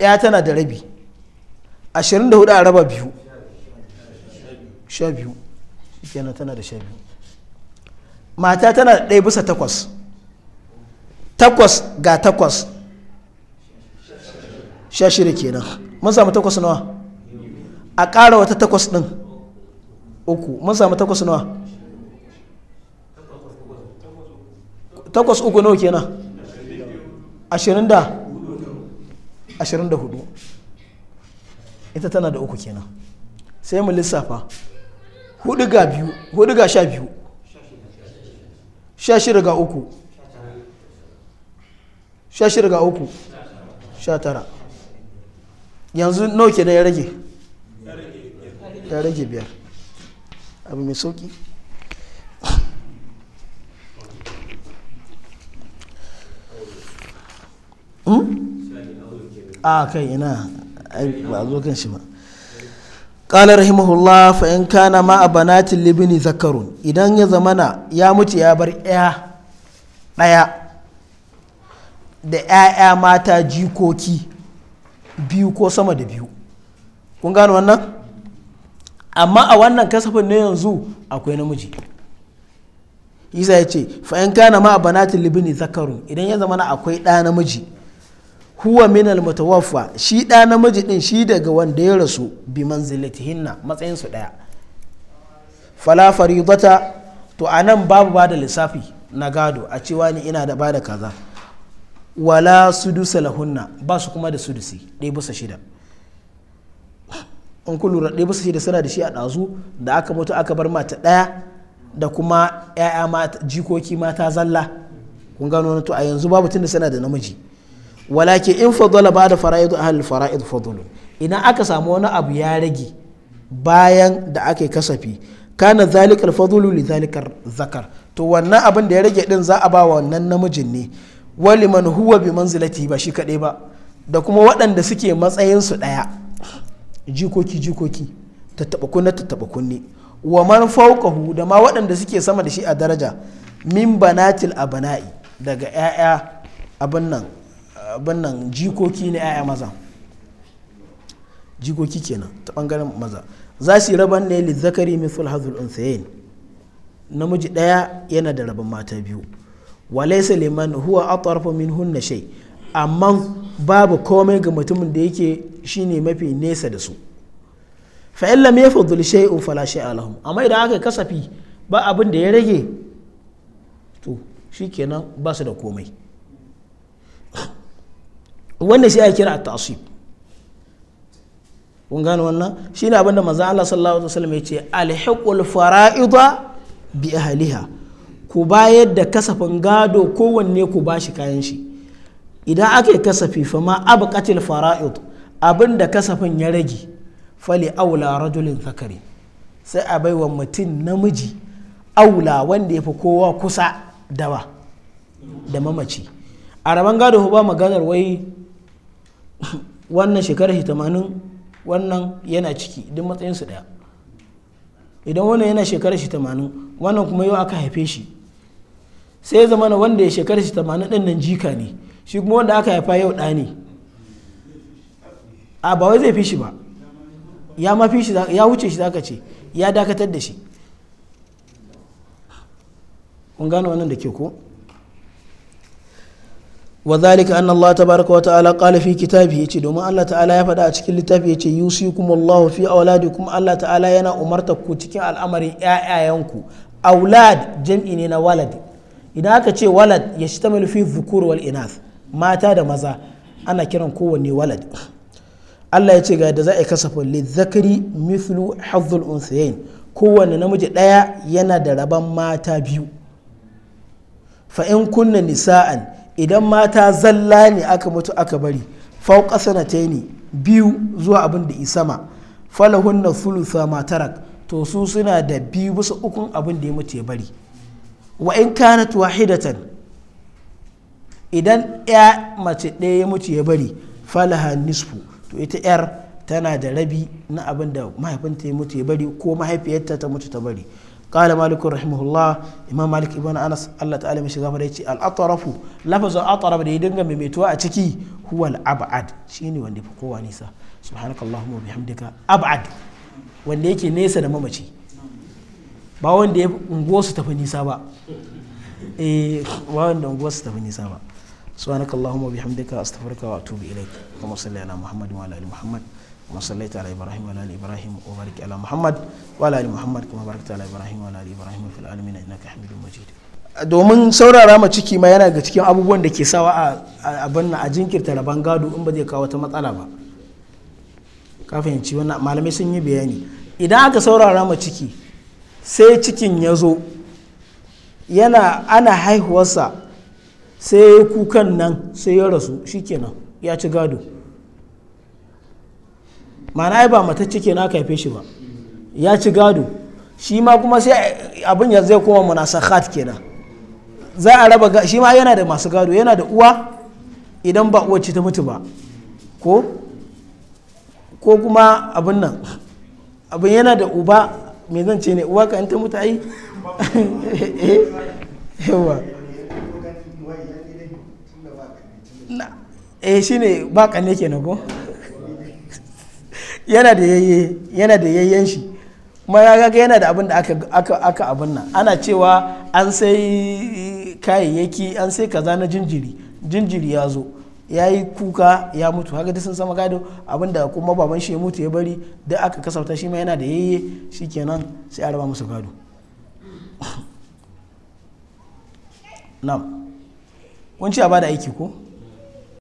ya tana da rabi 24 a raba biyu sha biyu kenan tana da sha biyu mata tana da ɗaya bisa takwas takwas ga takwas sha shida kenan mun samu takwas nawa a ƙara wata takwas ɗin uku mun samu takwas nawa takwas uku nawa kenan ashirin da ashirin da hudu ita tana da uku kenan sai mu lissafa hudu ga sha biyu sha shida ga uku sha shida ga uku sha tara yanzu nauke ke da ya rage ya rage biyar abu mai sauki hmm? a kai ina ba zo kan shi ba rahimahullah رحمه الله ma a banatin libini zakarun idan ya يزمنا ya ya mutu ya bar ɗaya da 'ya'ya mata jikoki biyu ko sama da biyu kun gano wannan amma a wannan kasafin na yanzu akwai namiji isa ya ce fa'in kana ma a banatin libini zakarun idan ya zama akwai ɗa namiji huwa minal mutawaffa shi ɗa namiji ɗin shi daga wanda ya rasu bi hinna matsayin su ɗaya fala faridata to nan babu bada lissafi na gado a cewa ni ina da bada kaza wala sudusa lahunna ba su kuma da sudusi ɗaya bisa shida in ku lura ɗaya bisa shida suna da shi a ɗazu da aka mutu aka bar mata ɗaya da kuma 'ya'ya jikoki mata zalla kun gano to a yanzu babu tunda suna da namiji walakin in fadala ba da a ahal fara'idu fadlun ina aka samu wani abu ya rage bayan da aka yi kasafi kana zalikar fadlu li zalikar zakar to wannan abin da ya rage din za a ba wannan namijin ne wali man huwa bi manzilati ba shi kadai ba da kuma waɗanda suke matsayin su daya jikoki jikoki tattaba kunne wa man fawqahu da ma waɗanda suke sama da shi a daraja min banatil abana'i daga 'ya'ya abin nan bannan jikoki na 'ya'ya maza jikoki kenan ta bangaren maza za su yi raban ne li zakari mithul hazul unsayin namiji daya yana da rabon mata biyu walai liman huwa atarfa min hunna shai amma babu komai ga mutumin da yake shine mafi nesa da su fa in lam shai shay'un fala shay'a lahum amma idan aka kasafi ba abin da ya rage to shikenan ba su da komai wannan shi ake kira a tasib kun wannan shine abin da maza Allah sallallahu alaihi wasallam ce alhiqul fara'ida bi ahliha ku bayar da kasafin gado kowanne ku bashi kayan shi idan aka yi kasafi fa ma abqatil fara'id abin da kasafin ya rage fali aula rajulin zakari sai a baiwa mutum namiji aula wanda ya fi kowa kusa dawa da mamaci a raban gado ba maganar wai wannan shekarar shi tamanin wannan yana ciki duk matsayin su daya idan wannan yana shekarar shi tamanin wannan kuma yau aka haife shi sai ya zama wanda ya shekarar shi tamanin din nan jika ne shi kuma wanda aka haifa yau da ne a ba wai zai fi shi ba ya ma fi shi ya wuce shi zaka ce ya dakatar da shi kun gano wannan da ke ko wa zalika anna Allah tabaraka wa ta'ala qala fi kitabi yace domin Allah ta'ala ya faɗa a cikin littafi yace yusikumullahu fi auladikum Allah ta'ala yana umarta ku cikin al'amarin ƴaƴayanku aulad jam'i ne na walad idan aka ce walad ya fi dhukur wal inath mata da maza ana kiran kowanne walad Allah ya ce ga da za a kasafin lizzakari mithlu hazzul unsayin kowanne namiji ɗaya yana da rabon mata biyu fa in kunna nisa'an idan mata zalla ne aka mutu aka bari fauka sanataini biyu zuwa abin da isama falahun na thulutha matarak to su suna da biyu bisa ukun abin da ya mutu ya bari wa in kanat wahidatan idan ya mace ɗaya ya mutu ya bari falaha nisfu to ita yar tana da rabi na abin da mahaifinta ya mutu ya bari ko mahaifiyarta ta mutu ta bari kale malik rahimahullah imam malik ibn anas Allah ta'ala mai shiga fara yace al-atrafu lafazu atraf da ya dinga mai metuwa a ciki huwa al-ab'ad shine wanda fi kowa nisa subhanakallahumma bihamdika ab'ad wanda yake nesa da mamaci ba wanda ya unguwa su tafi nisa ba eh ba wanda unguwa su nisa ba subhanakallahumma bihamdika astaghfiruka wa atubu ilaik kuma muhammadin wa muhammad كما صليت على إبراهيم وعلى آل إبراهيم وبارك على محمد وعلى آل محمد كما باركت على إبراهيم وعلى آل إبراهيم في العالمين إنك حميد مجيد domin saurara ma ciki ma yana ga cikin abubuwan da ke sawa a abin a jinkirta rabon gado in ba zai kawo wata matsala ba ka fahimci wannan malamai sun yi bayani idan aka saurara ma ciki sai cikin ya zo yana ana haihuwarsa sai kukan nan sai ya rasu shikenan ya ci gado mana ai ba matacce ke na haife shi ba ya ci gado shi ma kuma sai abin ya zai koma munasakhat kenan za a raba shi ma yana da masu gado yana da uwa idan ba uwa ce ta mutu ba ko ko kuma abin nan abin yana da uba me zan ce ne uwa ka in ta mutu ai yawa eh, eh shine ba kanne kenan ko yana da yayye yana da yayyen shi kuma ya ga yana da abin da aka aka abin nan ana cewa an sai kayayyaki an sai kaza na jinjiri jinjiri ya zo ya yi kuka ya mutu haka sun sama gado abinda kuma baban shi ya mutu ya bari da aka kasauta shi ma yana da yayye shi kenan sai a raba musu gado nam kun ci a bada aiki ko